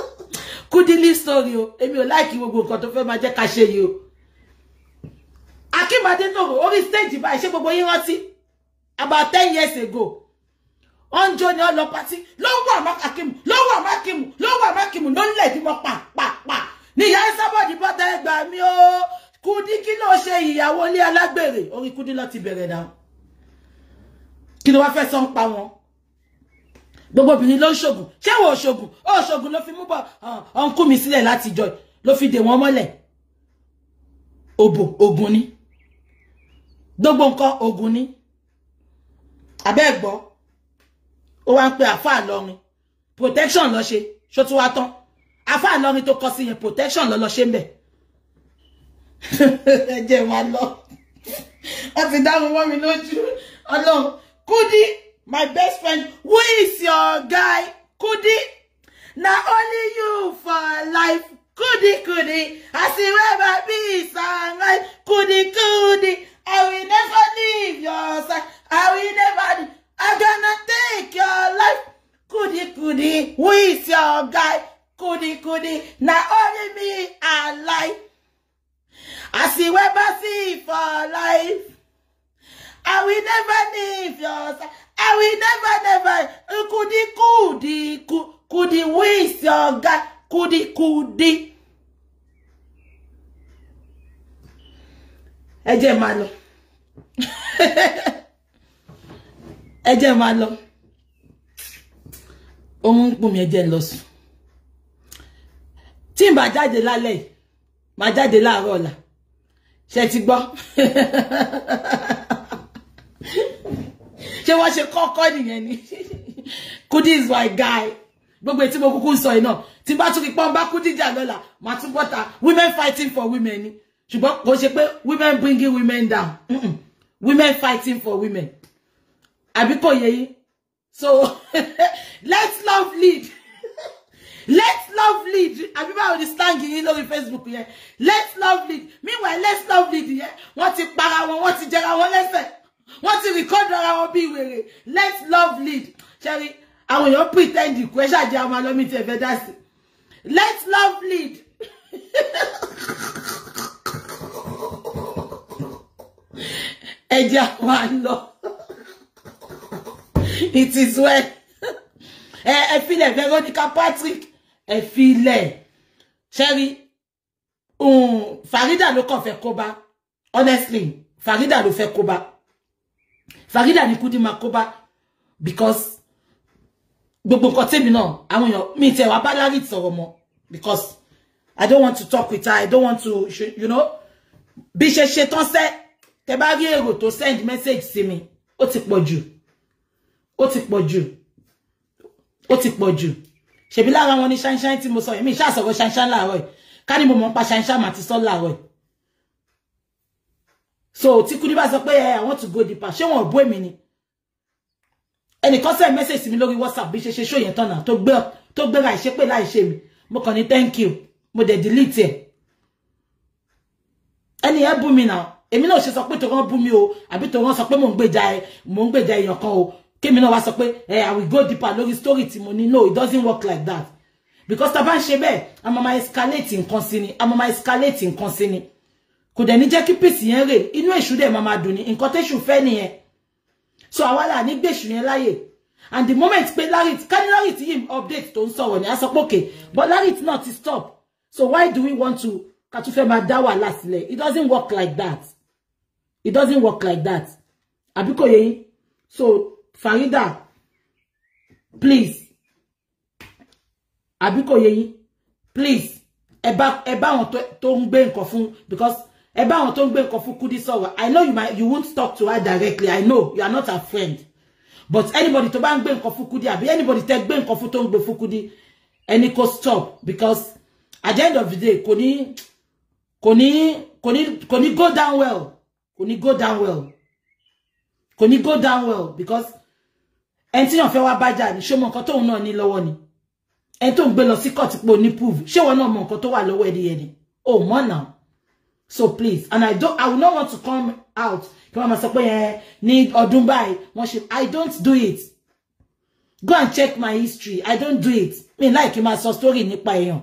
[SPEAKER 1] (laughs) kúdílì story o èmi ò láìkí gbogbo nǹkan tó fẹ́ máa jẹ́ ká ṣe yìí o akínbádé tòrò orí stage báyìí ṣé gbogbo yín rántí about ten years ago ọ̀njọ́ ni ọ lọ pátí lọ́wọ́ àmọ́ akimu lọ́wọ́ àmọ́ akimu lọ́wọ́ àmọ́ akimu ló ń lẹ̀ bímọ pàpàpà níyà Ẹsítábọ̀dì bọ́tà ẹgbà mi ó Kudi kí ló ṣe ìyàwó ilé alágbèrè orí Kudi ló ti bẹ̀rẹ̀ náà kí ló wá fẹ́ sọ pa wọn gbogbo obìnrin ló ń ṣògùn ṣé wọn ò ṣògùn ó ṣògùn ló fi mú bọ ọ̀nkú mi sílẹ̀ láti jọ ló fi dè wọ́n mọ́lẹ̀ òbò ògùn ni gbogbo ó wá pe àfáà lọrin protection lọ ṣe ṣó tún wá tán àfáà lọrin tó kọ sí yẹn protection lo lọ ṣe ń bẹ (laughs) ẹ jẹ́ wa lọ wọ́n ti dáhùn wọ́n mi lójú ọlọ́run Kudi my best friend who is your guy Kudi na only you for life Kudi Kudi àsìwé bàbí ìsà jẹ́ máa lọ ẹ jẹ́ máa lọ òun ń pùn mí ẹ jẹ́ lọ sùn tí n bá jáde lálẹ́ yìí màá jáde láàárọ̀ ọ̀la ṣe ti gbọ́ ṣé wọ́n ṣe kọ́kọ́ nìyẹn ni Kudi is my guy gbogbo tí mo kúkú ń sọ yìí náà tí n bá tún fi pọ́n bá Kudi jà lọ́la màá tún bọ́ta women fighting for women ni ṣùgbọ́n kò ṣe pé women bringing women down mm -mm. women fighting for women àbí kò yẹ yín so (laughs) let love lead (laughs) Let love lead àbí báwo ni slang yín lórí facebook yẹn Let love lead meanwhile let love lead yẹn wọ́n ti para wọn wọ́n ti jẹra wọn lẹ́sẹ̀ wọ́n ti record ara wọn bí wèrè let's love lead ṣẹ́rí àwọn èèyàn pretend kú ẹ ṣáàjẹ́ àwọn alọ́mí tí ẹ fẹ́ dá sí let's love lead. (laughs) ẹjẹ́ àwọn àlọ́ it is well ẹ ẹ filẹ̀ Veronica Patrick ẹ cherry. ṣẹ́rí Farida ló kàn fẹ́ kó honestly Farida ló fẹ́ kó Farida ni Kudi máa kó bá because gbogbo nǹkan tèmi náà àwọn èèyàn mi tẹ̀ wá bá lárí ìsọ̀rọ̀ mọ́ because I don't want to talk with her I don't want to you know bí ṣe ṣe tán sẹ́ẹ́ tẹ bá rí èrò tó send message sí mi ó ti pọ̀ jù ó ti pọ̀ jù ó ti pọ̀ jù ṣèbí lára wọn ní ṣánṣán tí mo sọ yìí mi ṣàṣọ̀rọ̀ ṣánṣán láàárọ̀ yìí ká ní mo mọ̀ pa ṣánṣán mà ti sọ láàárọ̀ yìí so tí kudi bá sọ pé eh, i want to go deeper ṣé wọn ò bú èmi ni ẹnìkan send message sí mi lórí whatsapp bí ṣe ṣe ṣó yẹn tán náà tó gbé tó gbé ra ìṣépè láì ṣe mi mo kàn ní thank you mo de delete ẹ̀ ẹni ẹ bú mi náà èmi náà ṣe sọ pé tọ́wọ́n bú mi o àbí tọ́wọ́n sọ pé mò ń gbèjà ẹ mò ń gbèjà èèyàn kan o kémi náà wá sọ pé ẹ i will go deeper lórí story tí mo ní no it doesn't work like that because tá a bá be, ṣe bẹ́ẹ̀ a máa ma escalate nǹkan sí escalating a máa ma escalate nǹkan sí ni kò dẹ̀ ní jẹ́ kí pèsè yẹn rè inú èṣù dẹ̀ máa ma dùn ní nǹkan tẹ́ṣù fẹ́ nìyẹn so àwa là ní gbèṣù yẹn láyè and the moment pé Larrit ká ní Larrit yìí update tó ń sọ̀rọ̀ ni a sọ okay but Larrit náà ti stop so why do we want to ká tún fẹ́ máa dá it doesn't work like that it doesn't work like that àbí kò so Farida please àbí kò please ẹ bá on bá àwọn tó because ẹ on àwọn tó ń gbé Kudi sọ̀rọ̀ I know you might you won't talk to her directly I know you are not her friend but anybody to bá ń gbé Kudi Abi. anybody take gbé nǹkan fún tó ń gbé fún Kudi ẹni stop because at the end of the day koni koni koni koni go down well kò go down well kò go down well because anything of your ṣé mọ nǹkan tóun náà ní lọ́wọ́ ni ẹni tóun gbé lọ sí court pé o ní proof ṣé wọn náà mọ tó wà lọ́wọ́ ẹni yẹn ni o mọ so please and i don't i will not want to come out kí wọn máa need or ẹ ní ọdún i don't do it go and check my history i don't do it mi láìkí máa sọ story nípa èèyàn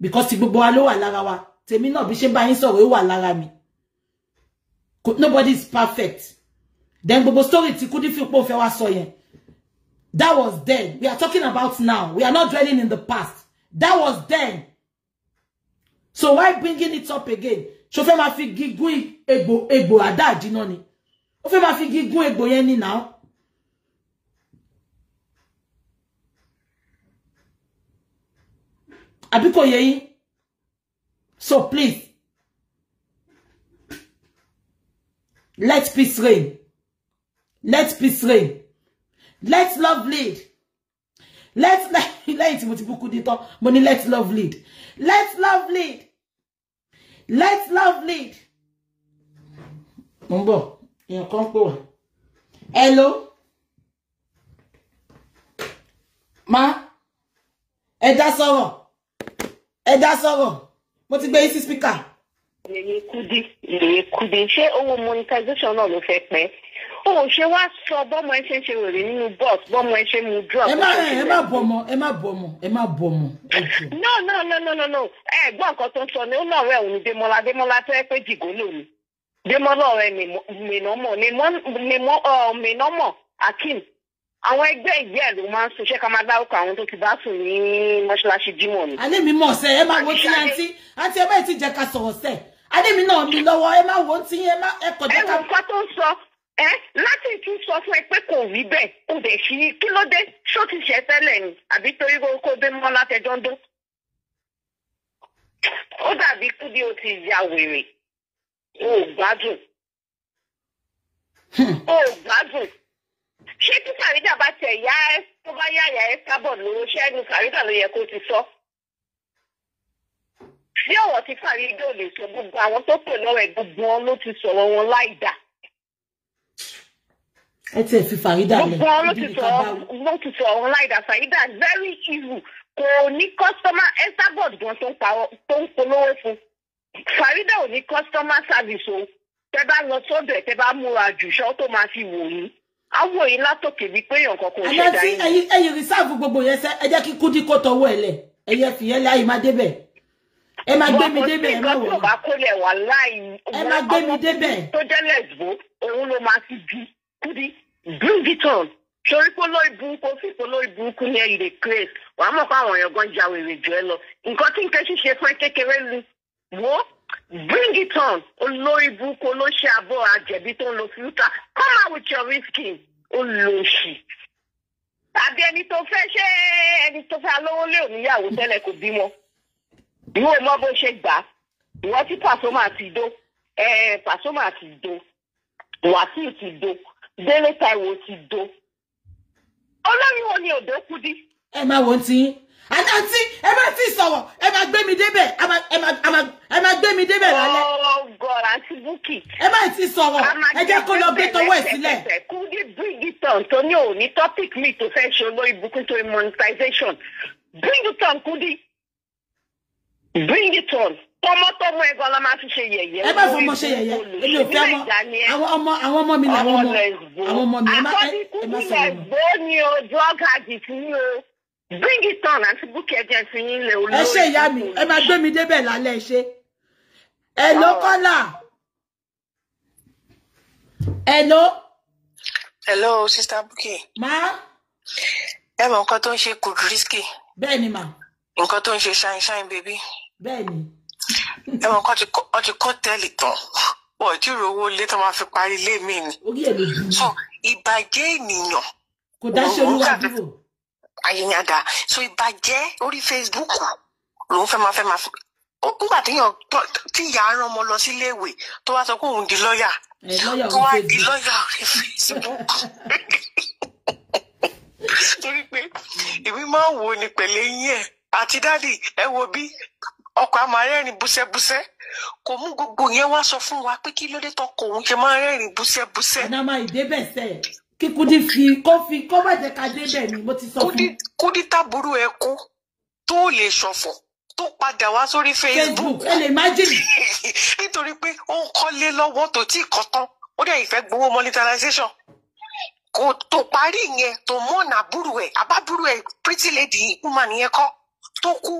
[SPEAKER 1] because ti gbogbo wa ló wà lára wa tèmi náà bí ṣe bá yín sọ̀rọ̀ ó wà lára mi Nobody is perfect. Then Bobo story couldn't feel fẹ́ wá sọ yẹn. That was then. We are talking about now. We are not dwelling in the past. That was then. So why bringing it up again? Ṣó fẹ́ máa fi gígùn egbò egbò àdá àjínà ni. Ó fẹ́ máa fi gígùn egbò yẹn now. Àbí kò yé So please Let peace reign. Let peace reign. Let love lead. Let let let mo ti búkú dé tán let love lead. Let love lead. Let love lead. Mo ń bọ̀, èèyàn Hello. Ma, ẹ dá sọ̀rọ̀. Ẹ dá
[SPEAKER 2] sọ̀rọ̀. speaker. yèyé kudi yèyé kudi ṣé owó monetization náà ló fẹ́ pẹ́ o ò ṣe wá sọ bọ́mọ ẹ ṣe ń ṣe rèrè nínú bus bọ́mọ ẹ ṣe mu drug. ẹ má ẹ má
[SPEAKER 1] bọmọ ẹ má bọmọ ẹ má bọmọ.
[SPEAKER 2] no no no no no no ẹ gbọ́ nǹkan tó ń sọ ni ó náà rẹ̀ òun ni Démọ́lá Démọ́lá tó yẹ pé jìgò lòun Démọ́lá ọ̀rẹ́ mìnàmọ̀ mìnàmọ̀ Akeem àwọn ẹgbẹ́ ìgbẹ́ ló máa ń sun ṣé ká máa dárúkọ àwọn tó ti bá sùn ní mọ́ṣáláṣí Jímọ̀ ni. alẹ́ mi mọ̀ sẹ́ ẹ máa wo ti àǹtí
[SPEAKER 1] àǹtí ẹ bá ti jẹ́ ká sọ̀rọ̀ sẹ́ẹ̀ adémi náà mi lọ́wọ́ ẹ má wo ti ẹ má ẹ kọjá ká. ẹ wò nǹkan tó ń
[SPEAKER 2] sọ ẹ láti tún sọ fún ẹ pé kò rí bẹ́ẹ̀ kò dẹ̀ sí kí ló dé ṣó ti ṣe tẹ́lẹ̀ ni àbí torí kó dé mọ́ látẹjọ́ ń dún. ó dàbí kúbi o ti ya wèrè o ò gbádùn hmm. o ò gbádùn ṣé tí sàrídà bá tẹ̀ yá ẹ tó bá yá yá ẹ sábọ̀ lówó ṣẹ́nu sàrídà ló yẹ kó ti sọ. So bí ọ̀rọ̀ ti fàrí ijó lè sọ gbogbo àwọn tó pè lọ́rọ̀ ẹ̀ gbogbo wọn ló ti sọ̀rọ̀ wọn láì dà.
[SPEAKER 1] ẹ tiẹ̀ fi Farida lẹ̀ gbogbo wọn ló ti sọ̀rọ̀
[SPEAKER 2] ló ti sọ̀rọ̀ wọn láì dà Farida very evil kò ní kọ́sítọ́mà Esabod gan tó ń polówó fún Farida ò ní kọ́sítọ́mà service o tẹ bá lọ sọ́dọ̀ ẹ̀ tẹ bá múra jù ṣọ́ tó máa fi wò yín awo yìí látòkè bíi pé èèyàn kankan ò ṣe dá yín. ẹyin ẹyin
[SPEAKER 1] rìsáàfù gbogbo yẹn sẹ ẹ jẹ́ kí Kudi kó tọwọ́ ẹ lẹ̀ ẹ fìyẹn láyé má débẹ̀ ẹ máa gbé mi débẹ̀ ẹ máa wọ̀
[SPEAKER 2] ẹ máa gbé mi débẹ̀. tó jẹ́ lẹ́sbó òun ló máa ti bí kúdí bring it on torí pé olórí burúkú fi pé olórí burúkú ní ẹ̀yìn lè create wàá mọ̀ pé àwọn èèyàn gan ja wèrè jù ẹ lọ nǹkan tí nǹkan ṣíṣe fún ẹ kékeré lu wo bring it on olórí burúkú olóṣè abọ́ àjẹ̀bí tó ń lo fíútà come out with your risking ó lo oṣù àbí ẹni tó fẹ́ ṣe ẹni tó fẹ́ alówó lé òníyàwó tẹ́lẹ̀ kò bímọ ìwọ mọ bó ṣe gbà ìwọ tí Pasuma ti do Pasuma ti do Wasiu ti do Délé Táíwò ti do olórí wo ni òdò
[SPEAKER 1] kú dí. ẹ máa wọ ti yín àtàntí ẹ bá ti sọ̀rọ̀ ẹ máa gbé mi débẹ̀ ẹ
[SPEAKER 2] máa gbé mi débẹ̀ lálẹ́. ọgọrọ àti búkì. ẹ bá ti sọ̀rọ̀ ẹ jẹ́ kó lọ gbé tọwọ́ ẹ̀ sílẹ̀. kúndé bírígìtàn tó ní òní topic mi tó fẹ́ ṣe olórí bukú tó monetization bírígìtàn kúndé bring it on tọmọtọmọ ẹgbẹ ọlọ máa fi ṣe yẹ̀yẹ́. ẹ bá fọ ọmọ ṣe yẹ̀yẹ́ èmi ò fẹ́ ọmọ àwọn ọmọ àwọn ọmọ mi ni àwọn ọmọ àwọn ọmọ mi ẹ má ẹ ẹ má sọ wọn. àkọ́bí kúrò ní o drug addict ní o bring it on àti búkì ẹ̀jẹ̀ fi yín lè olórí. ẹ ṣe ìyá mi ẹ máa gbé mi débẹ̀ lálẹ́
[SPEAKER 1] ẹ ṣe. hello kọ́là.
[SPEAKER 3] hello. hello sista Bukky. ma. ẹ mọ nǹkan tó ń ṣe Kudirisky. bẹ́ẹ̀ ni màá nǹkan tó ń ṣe shine shine baby. bẹ́ẹ̀ni. ẹ mọ nǹkan ọ ti kọ́ tẹ́lì tán wọ́n ti rówó ilé tó máa fi parí ilé mi ni. orí ẹ̀ ló dùn. so ìbàjẹ́ ènìyàn. kò dáṣẹ́ olúwa dúró. àyìnyàdà so ìbàjẹ́ orí Facebook lòun fẹ́ máa fẹ́ máa fi nígbà téèyàn tí ìyá rán ọmọ lọ síléèwé tó wá sọ pé òun di lọ́ọ̀yà tó wá di lọ́ọ̀yà orí Facebook (laughs) torí pé hmm. èmi máa ń wo ni pẹ̀lẹ́ yín ẹ̀ àti dádì ẹ wo bí ọkọ̀ àmọ́ rẹ́rìn búṣẹ́búṣẹ́ kò mú gbogbo yẹn wá sọ fún wa pé kí ló dé tó kò òun ṣe máa rẹ́rìn búṣẹ́búṣẹ́. ọ̀nà máa ìdébẹ̀ sẹ́ kí Kudi fi kó fi kó má jẹ́ ká débẹ̀ ni mo ti sọ fún. Kudi tábúrú ẹkún tó lè ṣọ̀fọ̀ tó padà wá sórí Facebook (laughs) nítorí pé ó ń kọ́lé lọ́wọ́ tó tí kọ́ tán ó dẹ̀ ìfẹ́ gbowó monetization kò tó parí yẹn tó mọ̀nà àbúrò ẹ̀ àbábúrò ẹ̀ pretty lady woman yẹn kọ́ tó kú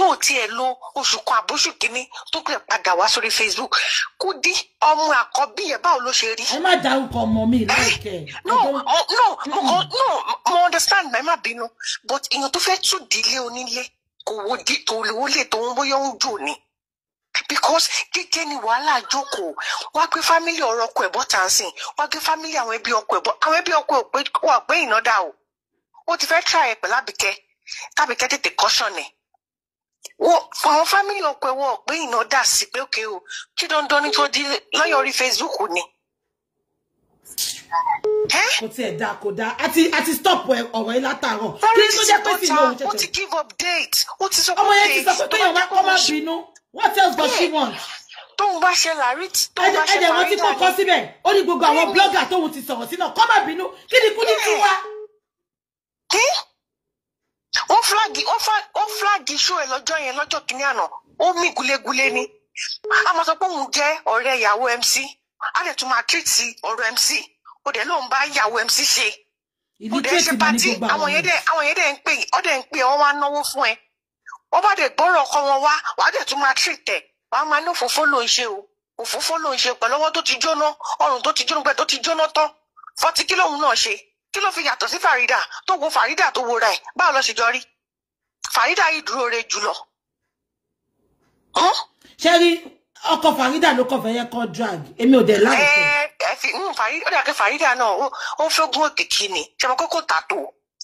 [SPEAKER 3] tó tiẹ̀ lo oṣù kan àbóṣù kínní tó kúrẹ̀ padà wá sórí Facebook Kudi ọmọ àkọ́bí ẹ̀ báwo ló ṣe rí. ẹ má dárúkọ ọmọ mi láìkẹ́. no oh, no mo oh, kàn oh, no mo understand ẹ má bínú but èèyàn tó fẹ́ tún dílé onílé kò wo di kò lè tó bóyá ń jò ní because jíjẹ ni wàhálà jókòó wá gbé family ọ̀rọ̀ ọkọ ẹ̀ bọ́ tà ń sìn wá gbé fámílì àwọn ẹbí ọkọ ẹ̀ bọ́ àwọn ẹbí ọkọ ẹ̀ wà pé ìnádà o ó ti fẹ́ tíra ẹ̀ pẹ̀lú àbíkẹ́ tàbí kẹ́ tètè kọ́ṣọ̀nì àwọn fámìlì ọ̀pọ̀ ẹ̀wọ̀ pé iná dà sí pé òkè o kí dandan ni tó di lọ́yọ̀ orí Facebook ni.
[SPEAKER 1] kò tiẹ̀ da kò da àti àti stop ọ̀rọ̀ yìí látàárọ̀ kí ló jẹ́ pé ti lóun ó ti
[SPEAKER 3] give up date ó ti sọ pé ọmọ yẹn ti sọ pé kéèyàn wá kọ́ má bínú what else does she want tóun bá ṣe làárí tó bá ṣe parí ẹ̀jẹ̀ wọn ti kọ́kọ́
[SPEAKER 1] síbẹ̀ ó ní gbogbo àwọn blọ́gà tóun ti sọ̀rọ̀ sínú kọ́ má bínú kí ni kú ní tiwa
[SPEAKER 3] ó flag ó flag ó flag show ẹ lọ́jọ́ yẹn lọ́jọ́ kìíní àná ó mí gulegule ni a máa sọ pé òun jẹ́ ọ̀rẹ́ ìyàwó MC a lè tún máa tírìtì ọ̀rọ̀ MC ó dẹ̀ lóun bá ìyàwó MC ṣe ó dẹ̀ ṣe pati àwọn yẹn dẹ̀ àwọn yẹn dẹ̀ ń pè ọ́ dẹ̀ ń pè ọ́ wá náwó fún ẹ wọ́n bá dẹ̀ gbọ́rọ̀ ọkọ wọn wá wàá dẹ̀ tún máa tírìtì ẹ̀ wàá máa ní òfófó ló ń ṣe o òfófó ló ń ṣe pẹ̀lú ọwọ́ tó ti jóná ọrùn tó ti jóná gbẹ tó ti jóná tán fọtíkì lòun náà ṣe kí ló fi yàtọ̀ sí Farida tó wo Farida tó wo ra ẹ̀ báwo lọ ṣe jọ rí Farida yìí dúró re jùlọ.
[SPEAKER 1] ṣé rí ọkọ Farida ló kọ fẹyẹ kọ drag èmi ò dẹ láìpẹ́.
[SPEAKER 3] ẹ ẹ fi ń hmm, Farida ó dà pé Farida náà ó fẹ́gun òkìkí ni ṣe mo kókó tà tó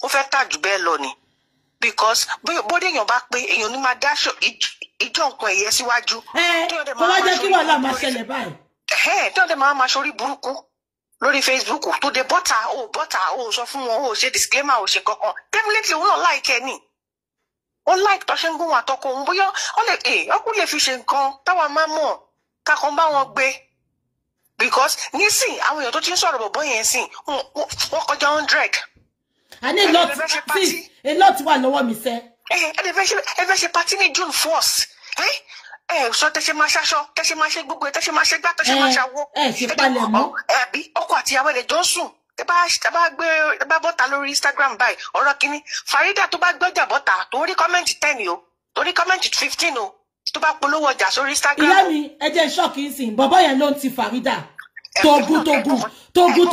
[SPEAKER 3] ó fẹ́ tà jù bẹ́ẹ̀ lọ ni because bóde èèyàn bá pé èèyàn ní máa dáṣọ ìjọ nǹkan ẹ̀yẹ síwájú. ẹ kó wá jẹ́ kí wàhálà máa ṣẹlẹ̀ báyìí. ẹ eh, tí wọ́n dẹ̀ máa máa ṣorí burúkú lórí facebook tó de bọ́tà ò bọ́tà ò sọ fún wọn ò ṣe disclaimer ò ṣe kankan definitely òun náà láìkẹ́ ni ó láìkẹ́ tó ṣe ń gún wọn àtọkọ òun bóyá ó lè ẹ ọkùnrin lè fi ṣe nǹkan táwa máa mọ̀ kákan bá wọn gbé because nísìn àwọn èèyàn tó ti ń sọ̀rọ̀ bọ̀bọ̀ yẹn sìn wọ́n kọjá hundred.
[SPEAKER 1] a ní lot sí
[SPEAKER 3] a lot wà lọ́wọ́ mi sẹ́. Eh, ẹ ẹ ẹ fẹ́ ṣe party ní june Eh ẹ sọ tẹsẹ máa ṣaṣọ tẹsẹ máa ṣe gbogbo tẹsẹ máa ṣe gbá tẹsẹ máa ṣàwọ ẹbí ọkọ àti ìyàwó rẹ jọ ń sùn tẹ bá tẹ bá gbé tẹ bá bọ́ta lórí Instagram báyìí ọ̀rọ̀ kìíní Farida tó bá gbọ́jà bọ́ta tó rí kọ́mẹ́ǹtì ten o tó rí kọ́mẹ́ǹtì fifteen o tó bá polówó ọjà sórí Instagram. ìyá mi ẹ jẹ́ ṣọ́ọ̀kì ń sìn bọ́bọ́ yẹn ló ń ti Farida togun togun
[SPEAKER 1] togun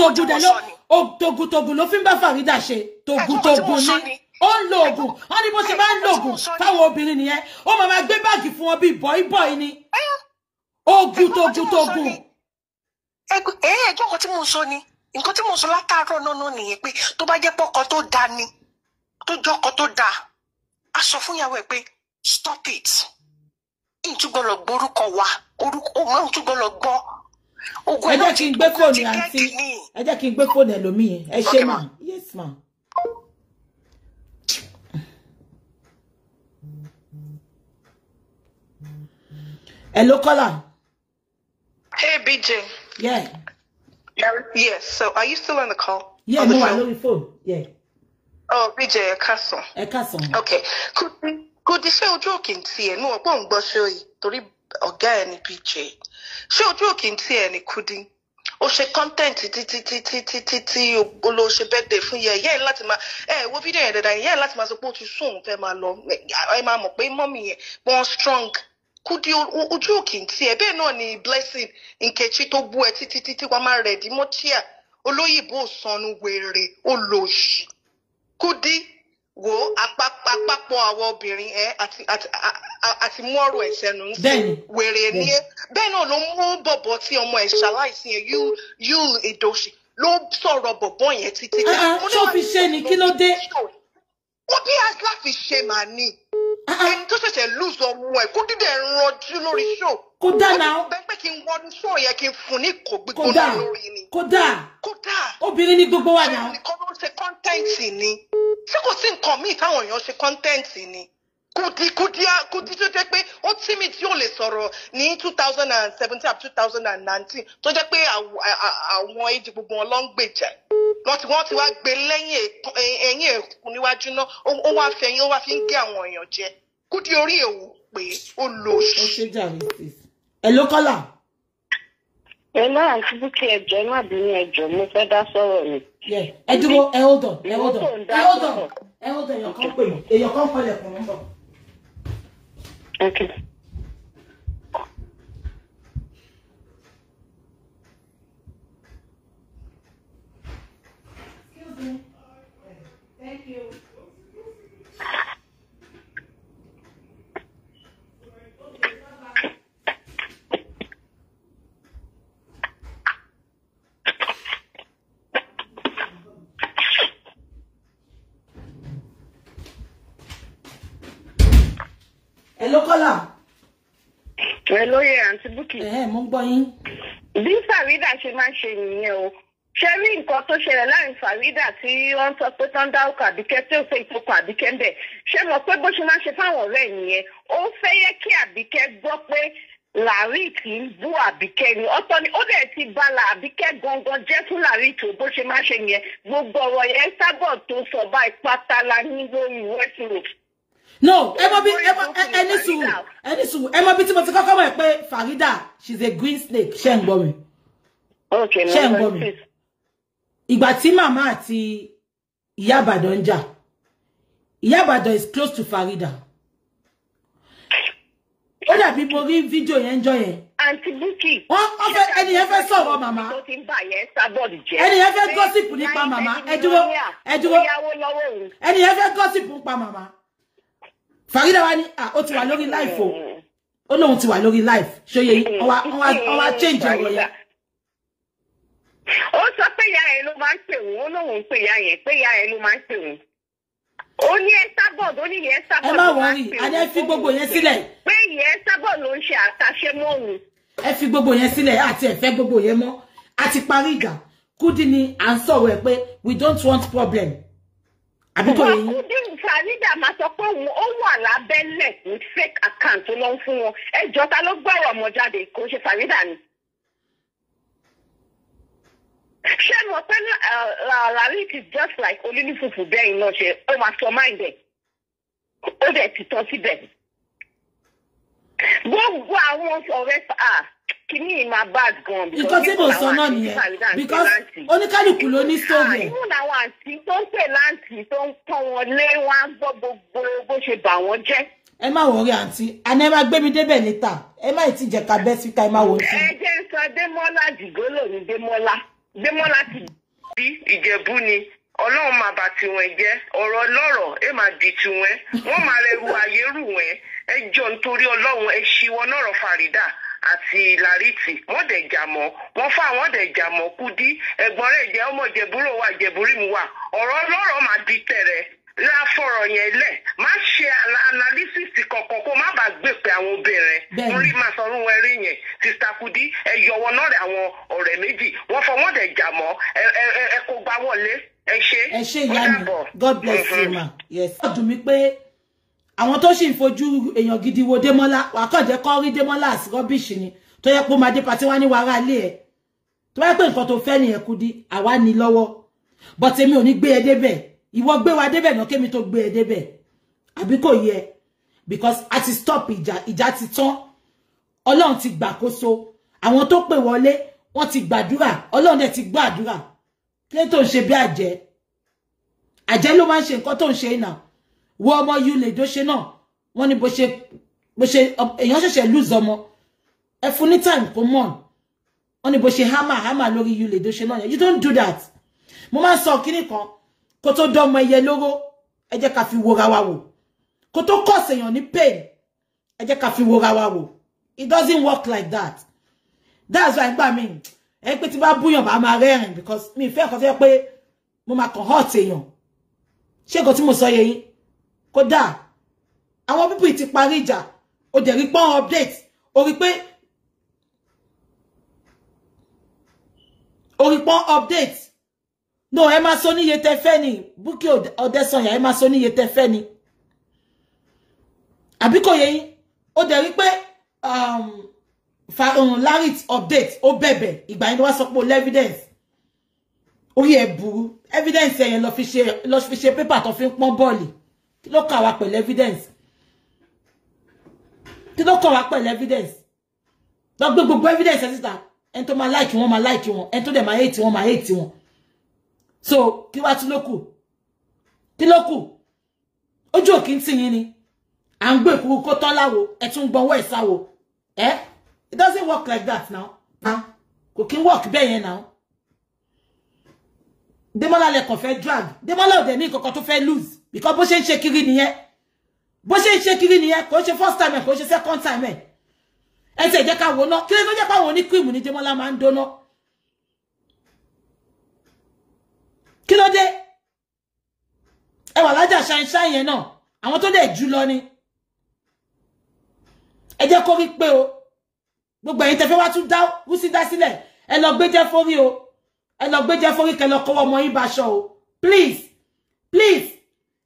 [SPEAKER 1] togun togun ló fi ń bá Farida ṣe togun togun ní ó ń lo oògùn wọn ní bó ṣe máa ń lo oògùn táwọn obìnrin nìyẹn ó máa máa gbé báàgì fún wọn bíi bọ́ìbọ́ì
[SPEAKER 3] ni oògùn tóògùn tóògùn. ẹ ẹ jọ́ nǹkan tí mò ń sọ ni nǹkan tí mò ń sọ látàárọ̀ náà nìyẹn pé tó bá jẹ́ pọ́kọ tó da ni tó jọ́kọ tó da. a sọ fún ìyàwó ẹ pé stop it ìtúgbọ́n lọ gbọ́ orúkọ wa orúkọ òun ìtúgbọ́n lọ gbọ́ ogun ẹ náà ti gbé fóònù àǹtí
[SPEAKER 1] ẹ jẹ́ kí n gbé fóònù ẹlòmíì ẹ ṣe mà yes ma. Hello, caller.
[SPEAKER 4] Hey, BJ. Yeah. Yes. So, are you still on the call? Yeah, on no, I know your phone. Yeah. Oh, BJ, a káàsán. A káàsán. Okay. Could you say ojú òkè ntí ẹ? Mo wọ̀ pọ̀ ń gbọ́ ṣé oyin torí ọ̀gá ẹ ní BJ. Ṣé ojú òkè ntí ẹ ní Kudi? O ṣe content títí títí títí tí olo ṣe birthday fún yẹ. Ìyá ẹ̀ láti máa ẹ̀ wo fídíò yẹn dáadáa. Ìyá ẹ̀ láti máa sọ pé o ti sún òun fẹ́ máa lọ. Ẹ máa mọ̀ pé mọ́mì yẹn wọ́n strong. Kudi ojú òkè ntí ẹ bẹ́ẹ̀ náà ni blessing Nkechi tó bú ẹ títí títí wàá máa rẹ̀ dí mọ́tíà olóyìnbó sọnù wèrè olóòṣì Kudi wo àpapọ̀ àwọn obìnrin ẹ àti mú ọ̀rọ̀ sẹ́nu ń sìn wèrè ni ẹ bẹ́ẹ̀ náà ló mú bọ̀bọ̀ tí ọmọ ẹ̀ ṣaláìsí yẹn yú ìdòṣì ló sọ̀rọ̀ bọ̀bọ̀ yẹn títí. Ah, ah, ṣó fi ṣe ni kí ló dé. ó bí aṣáfi ṣe màá ní ẹni tó ṣẹ̀ṣẹ̀ lùzọ ọmọ ẹ̀ kó dídẹ̀ rọjú lórí ṣó. kó dà náà. ó bẹ pé kí n wọnú ṣó yẹn kí n fún ní kò gbígbóná lórí ni. kó dà kó dà. obìnrin ni gbogbo wa náà. ṣé nìkan ló ń ṣe kọ́ńtẹ́ǹtì ni ṣé kò sí nǹkan míì táwọn èèyàn ṣe kọ́ńtẹ́ǹtì ni kùdìkùdìà kùdì tó jẹ́ pé ó tí mi tí ò lè sọ̀rọ̀ ní two thousand and seventeen àti two thousand and nineteen tó jẹ́ pé àwọn èjì gbogbo wọn ló ń gbèjà wọ́n wọ́n ti wá gbé lẹ́yìn ẹ̀yìn ẹ̀kún níwájú náà ó wá fi ẹ̀yìn ó wá fi ń gé àwọn èèyàn jẹ kùdì orí èwù pé ó lò sí. ẹ ló kọ́là.
[SPEAKER 2] pẹ̀lú àǹtí bíkì ẹ̀jọ̀ má bínú
[SPEAKER 3] ẹ̀jọ̀ mo fẹ́ dá sọ̀rọ̀ mi. ẹ dúró ẹ hold on ẹ hold on ẹ hold
[SPEAKER 2] on ẹ hold
[SPEAKER 1] on èèyàn Okay. Excuse me.
[SPEAKER 2] kọ́là. ẹ lóye àǹtí búkì. ẹ mo ń gbọ́ yín. bí Farida ṣe máa ń ṣe nìyẹn o ṣe rí nǹkan tó ṣẹlẹ̀ láàrin Farida tí wọ́n sọ pé tó ń dá ọkọ̀ àbíkẹ́ tí ó fẹ́ ìtòkọ̀ àbíkẹ́ bẹ̀ ṣe mọ̀ pé bó ṣe máa ń ṣe fáwọn ọ̀rẹ́ nìyẹn ó fẹ́ yẹ kí àbíkẹ́ gbọ́ pé Larrick ń bú àbíkẹ́ ni ọ̀tọ̀ ni ó dẹ̀ ti ba làbíkẹ́ gangan jẹ́ fún Larrick bó ṣe máa ṣe yẹn gbogbo ọ̀rọ̀ yẹn sábọ̀ tó sọ báyìí pátá la ní lórí west road no ẹ mọ bí ẹni sùúrù ẹni sùúrù ẹ mọ bí tí mo ti
[SPEAKER 1] kọ́kọ́ mọ̀ ẹ pé Farida she's a green snake Shen ń Okay, mi ṣe ń gbọ́ mi ìgbà tí màmá àti ìyá is close to Farida ó dàbí mo rí fídíò yẹn ń jọ yẹn.
[SPEAKER 2] àǹtí bukki. wọn ọfẹ ẹni yẹn fẹ́ sọ̀rọ̀ màmá. tó ti ń bà yẹn sábọọdù jẹ. ẹni yẹn fẹ́ gọsìpù nípa
[SPEAKER 1] Farida wá ní ah ó ti wa lórí life o o lóun ti wà lórí life ṣé yẹ yín ọwá ọwá ọwá o ọ̀rọ̀ yẹn
[SPEAKER 2] ó sọ pé ìyá ẹ ló máa ń pè wọn ó o pè ìyá yẹn pé ìyá ẹ ló máa ń pè wọn o ní ẹ sábọọdù ó ní ìyẹn sábọọdù ló máa ń pè wọn ẹ má wọrí adé fi gbogbo yẹn sílẹ̀ pé ìyẹn sábọọdù ló ń ṣe àtàṣe mọ́ òun. ẹ fi gbogbo yẹn sílẹ̀ àti
[SPEAKER 1] ẹfẹ gbogbo yẹn mọ́ a ti parí ìjà Kúdí ni à ń sọ̀rọ̀ ẹ pé we don't want problem àdúgbò yìí. wọ́n
[SPEAKER 2] bí farida máa sọ pé òun ó wà lábẹ́lẹ̀ ní fake account tó lọ ń fún wọn ẹ jọ ta ló gbọ́rọ̀ ọmọ jáde kò ṣe farida ni. ṣé mo pé eh, eh, larik is just like olúnífùfù bẹ́ẹ̀ iná ṣe ó máa sọ mind ẹ̀ ó dẹ̀ ti tán síbẹ̀. gbogbo àwọn ọ̀rẹ́ fà ah, á kìíní ìmọ̀ bad gan. nǹkan tí mo sọ náà nìyẹn because oníkálukú ló ní ah, stóògùn. ìwọ̀n àwọn àǹtí tó ń pè láǹtí tó ń pọ́n wọn lé wọn á gbọ́ gbogbo bó ṣe bà wọ́n jẹ́.
[SPEAKER 1] ẹ má wọrí àǹtí àná ẹ má gbé mi débẹ̀ níta ẹ má ti jẹ́ ká bẹ́ síta ẹ má wọ sí. ẹ
[SPEAKER 2] jẹ́ sọ Démọ́lá jìgólò ní Démọ́lá Démọ́lá ti bí Ìjẹ̀bú ni ọlọ́run máa bà tiwọn jẹ́ ọ̀rọ̀ lọ́rọ̀ ẹ máa di tiwọn wọ́n máa rẹrù ayé rù wọ́n ẹ jọ nítorí ọlọ́run ẹ ṣíwọ́ nọ̀rọ̀ Fàrídà àti lariti wọ́n dẹ̀ jà mọ́ fà wọ́n dẹ̀ jà kudi ẹ̀gbọ́n rẹ̀ jẹ́ ọmọ ìjẹ̀búrò wa ìjẹ̀búrìmù wa ọ̀rọ̀ ọlọ́rọ̀ máa di tẹ̀rẹ̀ la fọ̀rọ̀ yẹn lẹ̀ má ṣe analysis kankan kó má bàa gbèpè àwọn obìnrin
[SPEAKER 4] orí máa sọrú wọn rí yẹn sista kudi ẹ yọwọ náà rẹ àwọn ọ̀rẹ́ méjì wọ́n fọ wọ́n dẹ̀ jà ẹ ẹ ẹ kó gbá wọlé ẹ ṣe ẹ ṣe ìyá mi God bless you mhm. ma
[SPEAKER 3] yes.
[SPEAKER 1] ó dùn pé àwọn tó sì ń fojú èèyàn gidi wo Démọ́lá wà kàn jẹ́ kọ́ rí Démọ́lá àti rọ́bìṣì ni tó yẹ pé ó máa dé pàtí wá ní wàrà ilé ẹ̀ tó bá pé nǹkan tó fẹ́ nìyẹn kú dí àwa ní lọ́wọ́ bọ́t èmi ò ní gbé ẹ débẹ̀ ìwọ gbé wa débẹ̀ náà kémi tó gbé ẹ débẹ̀ àbí kò yẹ because a ti stop ìjà ìjà ti tán Ọlọ́run ti gbàkóso àwọn tó pè wọlé wọ́n ti gbàdúrà Ọlọ́run dẹ̀ ti gbọ́ kí ló tó ń ṣe bí àjẹ́ àjẹ́ ló máa ń ṣe nǹkan tó ń ṣe náà wọ ọmọ yulè tó ṣe náà wọ́n ní bó ṣe bó ṣe èèyàn ṣẹ̀ṣẹ̀ lose ọmọ ẹ fún ní time kò mọ̀ wọ́n ní bó ṣe hammer hammer lórí yulè tó ṣe náà you don't do that mo máa ń sọ kíní kan kó tó dọ́mọ ẹyẹ lóró ẹ jẹ́ ká fi wora wa wò kó tó cause èèyàn ní pain ẹ jẹ́ ká fi wora wa wò it doesn't work like that that's why gbà mí ẹ pé tí bá búyàn bá máa rẹ́rìn because mi ìfẹ́ ẹ̀kọ́ fẹ́ pé mo máa kàn hurt èèyàn ṣé nǹkan tí mo sọ yẹ yín kódà àwọn pípì ti parí ìjà ó dẹ̀ rí pọ́n update ó rí pé ó rí pọ́n update no ẹ máa sọ níye tẹ fẹ́ ni Bukky Ọdẹ́sanyà ẹ máa sọ níye tẹ fẹ́ ni àbí kò yẹ yín ó dẹ̀ rí pé um, um, Larrit update ó bẹ̀bẹ̀ ìgbà yẹn ni wọ́n sọ pé ó lẹ́vidẹ́ǹsì orí ẹ̀ evidence ẹ̀yẹn lọ fi ṣe paper tó fi ń pọ́n kí ló kàn wá pẹ̀lú evidence kí ló kàn wá pẹ̀lú evidence lọ gbé gbogbo evidence ẹ síta ẹni tó máa like wọn máa like wọn ẹni tó dẹ̀ máa hate wọn máa hate wọn so kí wá tí ló kù kí ló kù ojú òkì ń tìyín ni à ń gbé ìkúkú kó tán láwo ẹ tún ń gbọ́nwọ́ ẹ̀ sáwo it doesn't work like that now kò kí ń work bẹ́ẹ̀ yẹn now. Demola lè kàn fẹ́ drag Demola ò dẹ̀ ní kankan tó fẹ́ lose because bó ṣe ń ṣe kiri nìyẹn bó ṣe ń kiri nìyẹn kò ṣe first time kò ṣe second time ẹ ti jẹ́ ká wò ná kí ló jẹ́ pàwọn oní cream ní Demola máa ń dóná kí ló dé ẹ wà lájà ṣáínṣáìn yẹn náà àwọn tó dẹ̀ jù lọ ni ẹ jẹ́ kó rí pé o gbogbo ẹ̀yin tẹ́ fẹ́ wá tún dá wúsí dá sílẹ̀ ẹ lọ gbé jẹ́ fórí o ẹ lọ gbé jẹ́ forí kẹ́ lọ kọ́wọ́ ọmọ yín baṣọ o please please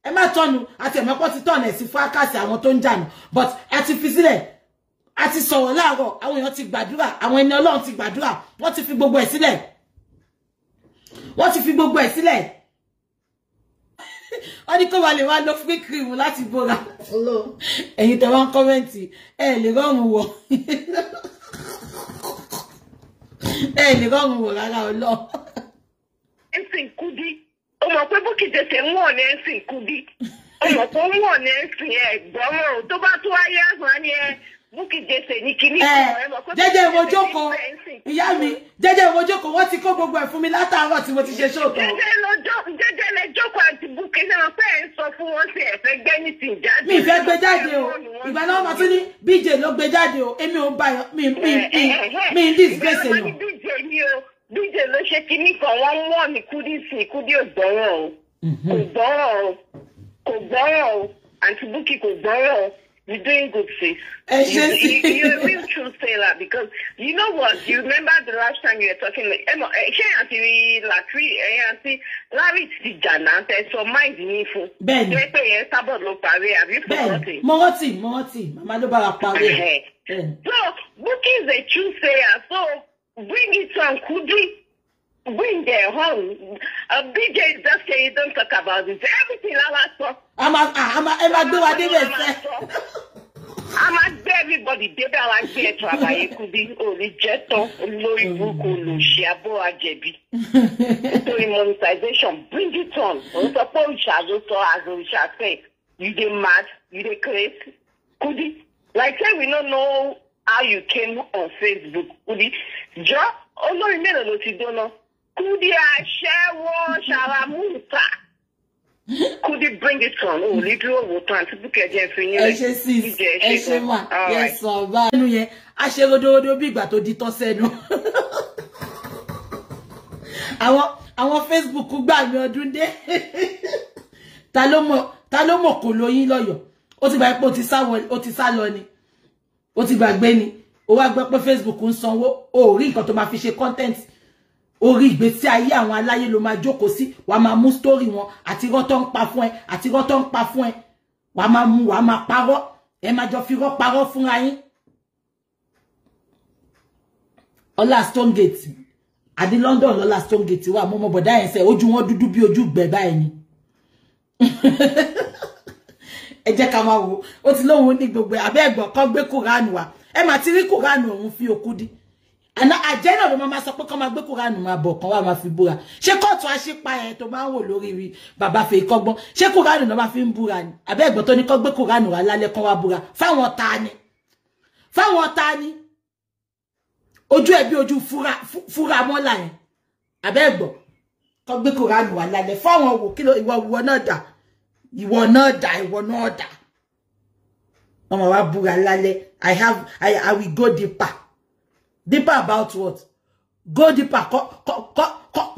[SPEAKER 1] ẹ má tọ́nu àti ẹ̀mẹ́pọ̀ ti tọ̀nà ẹ̀sìn fún àkàsì àwọn tó ń jànù but ẹ ti fi sílẹ̀ a ti sọ̀rọ̀ láàárọ̀ àwọn èèyàn ti gbàdúrà àwọn ẹni ọlọ́run ti gbàdúrà wọ́n ti fi gbogbo ẹ̀ sílẹ̀ wọ́n ti fi gbogbo ẹ̀ sílẹ̀ (laughs) wọ́n ní kó wa lè free. lọ fún kírìmù láti bora Hello. tẹ̀ wá ń comment. ẹ̀ lè rọrùn wọ̀ (laughs)
[SPEAKER 2] ẹ nìkan ń wò rárá o lọ. ẹ̀sìn kúdí ó mọ̀ pé bókì tètè ń wọ̀ ní ẹ̀sìn kúdí ó mọ̀ pé ó ń wọ̀ ní ẹ̀sìn ẹ̀gbọ́n tó bá tó ayé àgbọ̀n ni ẹ Eh, jẹ́jẹ́ mo jókòó ìyá mi
[SPEAKER 1] jẹ́jẹ́ mo jókòó wọ́n ti kó gbogbo ẹ̀ fún mi látàárọ̀ tí mo ti ṣe ṣòkò.
[SPEAKER 2] jẹ́jẹ́ lè jókòó àti búkì náà pé ẹ ń sọ fún wọn sí ẹ fẹ́ gbé ní ti jáde. mi fẹ́ gbé jáde
[SPEAKER 1] o ìgbà náà màá tún ní bj ló gbé jáde o èmi ò ń bá mi mi eh, mi eh, mi ń disgrace yàn.
[SPEAKER 2] bj ló ṣe kinní kan wọ́n mú ọ̀nì kúdí sí kúdí ò gbọ́ràn mhm. o kò gbọ́ràn o kò gbọ́ràn o àǹtí búkì kò gbọ́ràn o. You're doing good, sis. You, you, you're a real truth teller because you know what? You remember the last time you were talking like, Emma, eh, eh, ṣé àti Latri, ẹ̀yin àti Larry ti jàǹdà ń tẹ sọ mind ní fún. Bẹ́ẹ̀ni. Ṣé pé yẹn sábọ̀ ló parí àbí fọwọ́ tì? Mọ́wọ́tì, So, Bukky is a truth teller. so bring it on Kudi bring them home. Uh, BJ just say he don't talk about this. Everything I was talk. I'm a, I'm a, I'm a, I'm a, I'm a, I'm a gbé everybody débẹ̀ àwọn agbé ẹ̀tọ́ àbáyé kú bí olùjẹ́tọ́ olórí burúkú olùṣẹ́ abó àjẹbí. Nítorí monetization bring it on. Òun sọ pé òrìṣà ló sọ àgbo òrìṣà sẹ́ẹ̀. You dey mad, you dey crazy. Could it? like say we don't know how you came on Facebook. Could it? Kudi, jọ olórí mélòó ló don't know. Kudi aṣẹ́wó ṣàràmùtà. Kudi bring it on. O ní dúró wò tán àti búkẹ́ jẹ́ fi yín rẹ̀. Ẹ Yes, sis,
[SPEAKER 3] yes, ṣe mà, yẹ
[SPEAKER 2] sọ ọba. Ẹnu yẹn,
[SPEAKER 1] a ṣe rododo bí ìgbà tó di tọ́ sẹ́nu. (laughs) Àwọn àwọn Facebook gbà mí ọdún dé. (laughs) Ta ló mọ̀ ta ló mọ̀ kò lóyún lọ́yọ̀? Ó ti gbà pé ó ti sá lọ ni. Ó ti gbàgbé ni. Ó wá gbọ́ Facebook ń sanwó. oh, ò rí nǹkan tó máa content orí ìgbésí ayé àwọn aláyé ló máa jókòó sí wàá máa mú sítórì wọn àti irọ́ tó ń pa fún ẹ àti irọ́ tó ń pa fún ẹ wàá máa mú wàá máa parọ́ ẹ máa jọ fi irọ́ parọ́ fúnra yín. ọlá Stonegate àdí London lọlá Stonegate wà mọ́mọ́ bọ̀dá yẹn sẹ́ ojú wọn dúdú bí ojú gbẹ̀ báyìí ni (laughs) ẹ jẹ́ ká máa wo ó ti lóun ní gbogbo àbẹ́ ẹ̀gbọ́n kan gbé kúránù wa ẹ máa ti rí kúránù òun fi okú dín àná àjẹ́ náà ló máa sọ pé kọ́ máa gbé kúránù máa bọ̀ kán wá máa fi búra ṣé kóòtù aṣípa ẹ̀ tó máa ń wò lórí bàbá fèyí kọ́gbọ́n ṣé kúránù náà máa fi ń búra ni àbẹ́ ẹ̀gbọ́n tó ní kọ́ gbé kúránù wá lálẹ́ kán wá búra fáwọn ta ni fáwọn ta ni ojú ẹ̀ bí ojú fúra mọ́là yẹn àbẹ́ ẹ̀gbọ́n kọ́ gbé kúránù wá lálẹ́ fáwọn wò kí ìwọ ìwọ náà dà ìwọ náà dà ìwọ náà dà wọ́n máa wá búra lálẹ́ I have I, I will go deeper Deeper about what? Go deeper.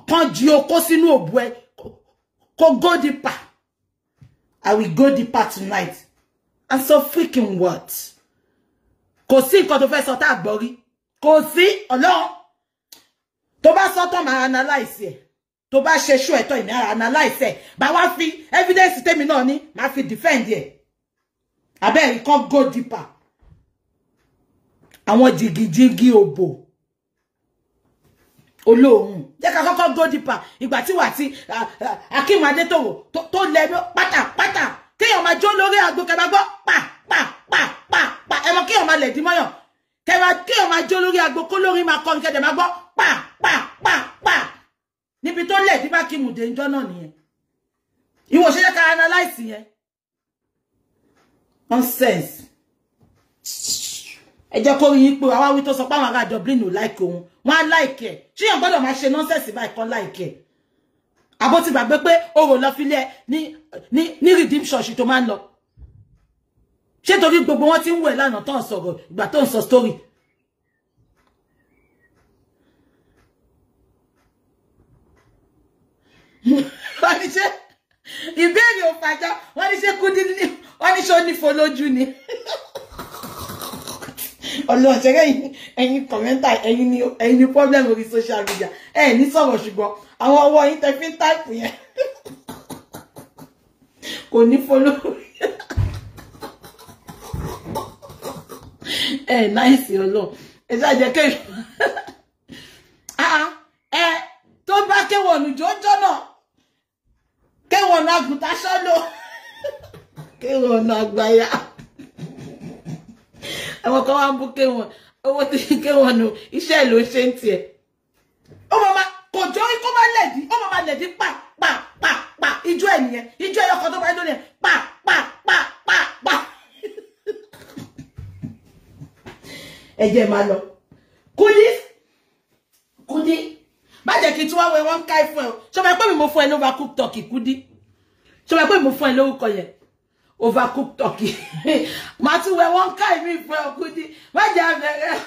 [SPEAKER 1] Kan jí okó sínú òbú ẹ. Ko go deeper. I will go deeper tonight. And so freaking what? Kò sí nǹkan tó fẹ́ sọ tá àgbọ́rí. Kò sí ọlọ́run. Tó bá sọ tán máa analyze ẹ̀. Tó bá ṣe ṣú ẹ̀tọ́ ìmí ara analyze ẹ̀. Bá wá fi evidence tèmi náà ní, máa fi defend ẹ̀. Abẹ́rẹ́ kan go deeper àwọn jìgìjìgì òbò olóhùn jẹ́ ká kọ́kọ́ go deeper ìgbà tí wà tí Akim Adétòwò tó lẹ́nu pátápátá kéèyàn máa jó lórí àgbo kẹfà gbọ́ pa pa pa pa pa ẹ̀mọ kéèyàn máa lẹ̀ dín mọ́yàn kẹfà kéèyàn máa jó lórí àgbo lórí máa kọrin kẹdẹ̀ máa gbọ́ pa pa pa pa níbi tó lẹ̀ dín bá kí mùdé ńjọ́ náà nìyẹn ìwọ ṣe jẹ́ ká analyse yẹn nonsense ẹ jẹ́ kó rí yín pé àwa wí tó sọ pé àwọn ará Dublin ò láìkè òun wọn á láìkè ẹ ṣíyàn gbọ́dọ̀ máa ṣe nọ́ńsẹ̀sì báyìí kan láìkè ẹ àbó ti gbàgbé pé orò lọ filẹ̀ ní ní ní redeem church tó máa ń lọ ṣé torí gbogbo wọn ti ń wò ẹ lánàá tó ń sọ̀rọ̀ ìgbà tó ń sọ story (laughs) wọ́n ní ṣe ìbéèrè òfàjà wọ́n ní ṣe kú dídí wọ́n ní ṣe ó ní folójú ni. (laughs) ọlọ́run ṣe ẹ̀yin ẹ̀yin kọ̀mẹ́ntà ẹ̀yin ni ẹ̀yin ni problem orí social media ẹ̀ ní sọ̀rọ̀ ṣùgbọ́n àwọn ọwọ́ yín tẹ fi ń táìpù yẹn kò ní follow ẹ̀ náìsì ọlọ́run ẹ ṣáà jẹ́ kéèyàn ah, ah, ẹ tó bá kéwọ̀nù jọjọ́ náà kéwọ̀nù àgùntàn ṣọ́lọ́ kéwọ̀nù àgbáyà àwọn kan wá ń bú kéwọn owó tí kéwọn nu iṣẹ́ ló ṣe ń tiẹ̀ ó mọ̀ máa kò jọ kó má lẹ̀dí ó mọ̀ máa lẹ̀dí pa pa pa pa ijó ẹ̀ nìyẹn ijó ẹ̀ ọkọ̀ tó bá dún nìyẹn pa pa pa pa pa. ẹ jẹ́ máa lọ Kudi Kudi má jẹ́ kí tí wọ́n wẹ wọ́n ká ẹ fún ẹ o ṣọba pé mi mo fún ẹ ló bá cook turkey Kudi ṣọba pé mo fún ẹ lórúkọ yẹn overcooked turkey. (laughs) Màtí wẹ̀ wọ́n ká ìmí ìfẹ́ ọkùnrin ní wájà bẹ̀rẹ̀.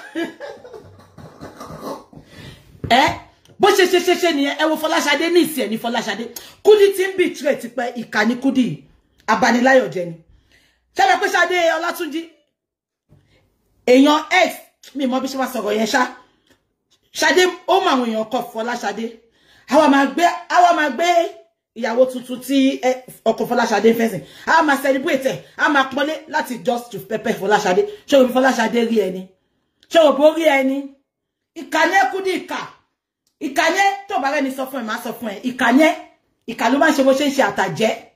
[SPEAKER 1] Ẹ bó ṣe ṣe ṣe ṣe nìyẹn ẹ wo Fọláṣadé ní ìsìn ẹ̀ ní Fọláṣadé. Kúdí ti ń bì tirẹ̀ tipẹ́ ìkà ní Kúdí yìí. Abaniláyọ̀ jẹ ni. Ṣẹ́bẹ̀ pé Ṣadé Ọlátúnjí. Èèyàn X mi mọ bí ṣe máa sọ̀rọ̀ yẹn ṣá. Ṣadé ó mọ àwọn èèyàn kọ̀ Fọláṣadé. Àwa máa gbé àwa máa gbé ìyàwó tuntun tí eh, ọkọ Fọláṣadé fẹsìn a máa celebrate ẹ a máa pọ́nlé láti just to pepper Fọláṣadé ṣé òbí Fọláṣadé rí ẹni ṣé òbí ó rí ẹni ìkànnì kú ní ìkà ìkànnì tó bá rẹni sọ fún ẹ máa sọ fún ẹ ìkànnì ìkà ló máa ń ṣe bó ṣe ń ṣe àtàjẹ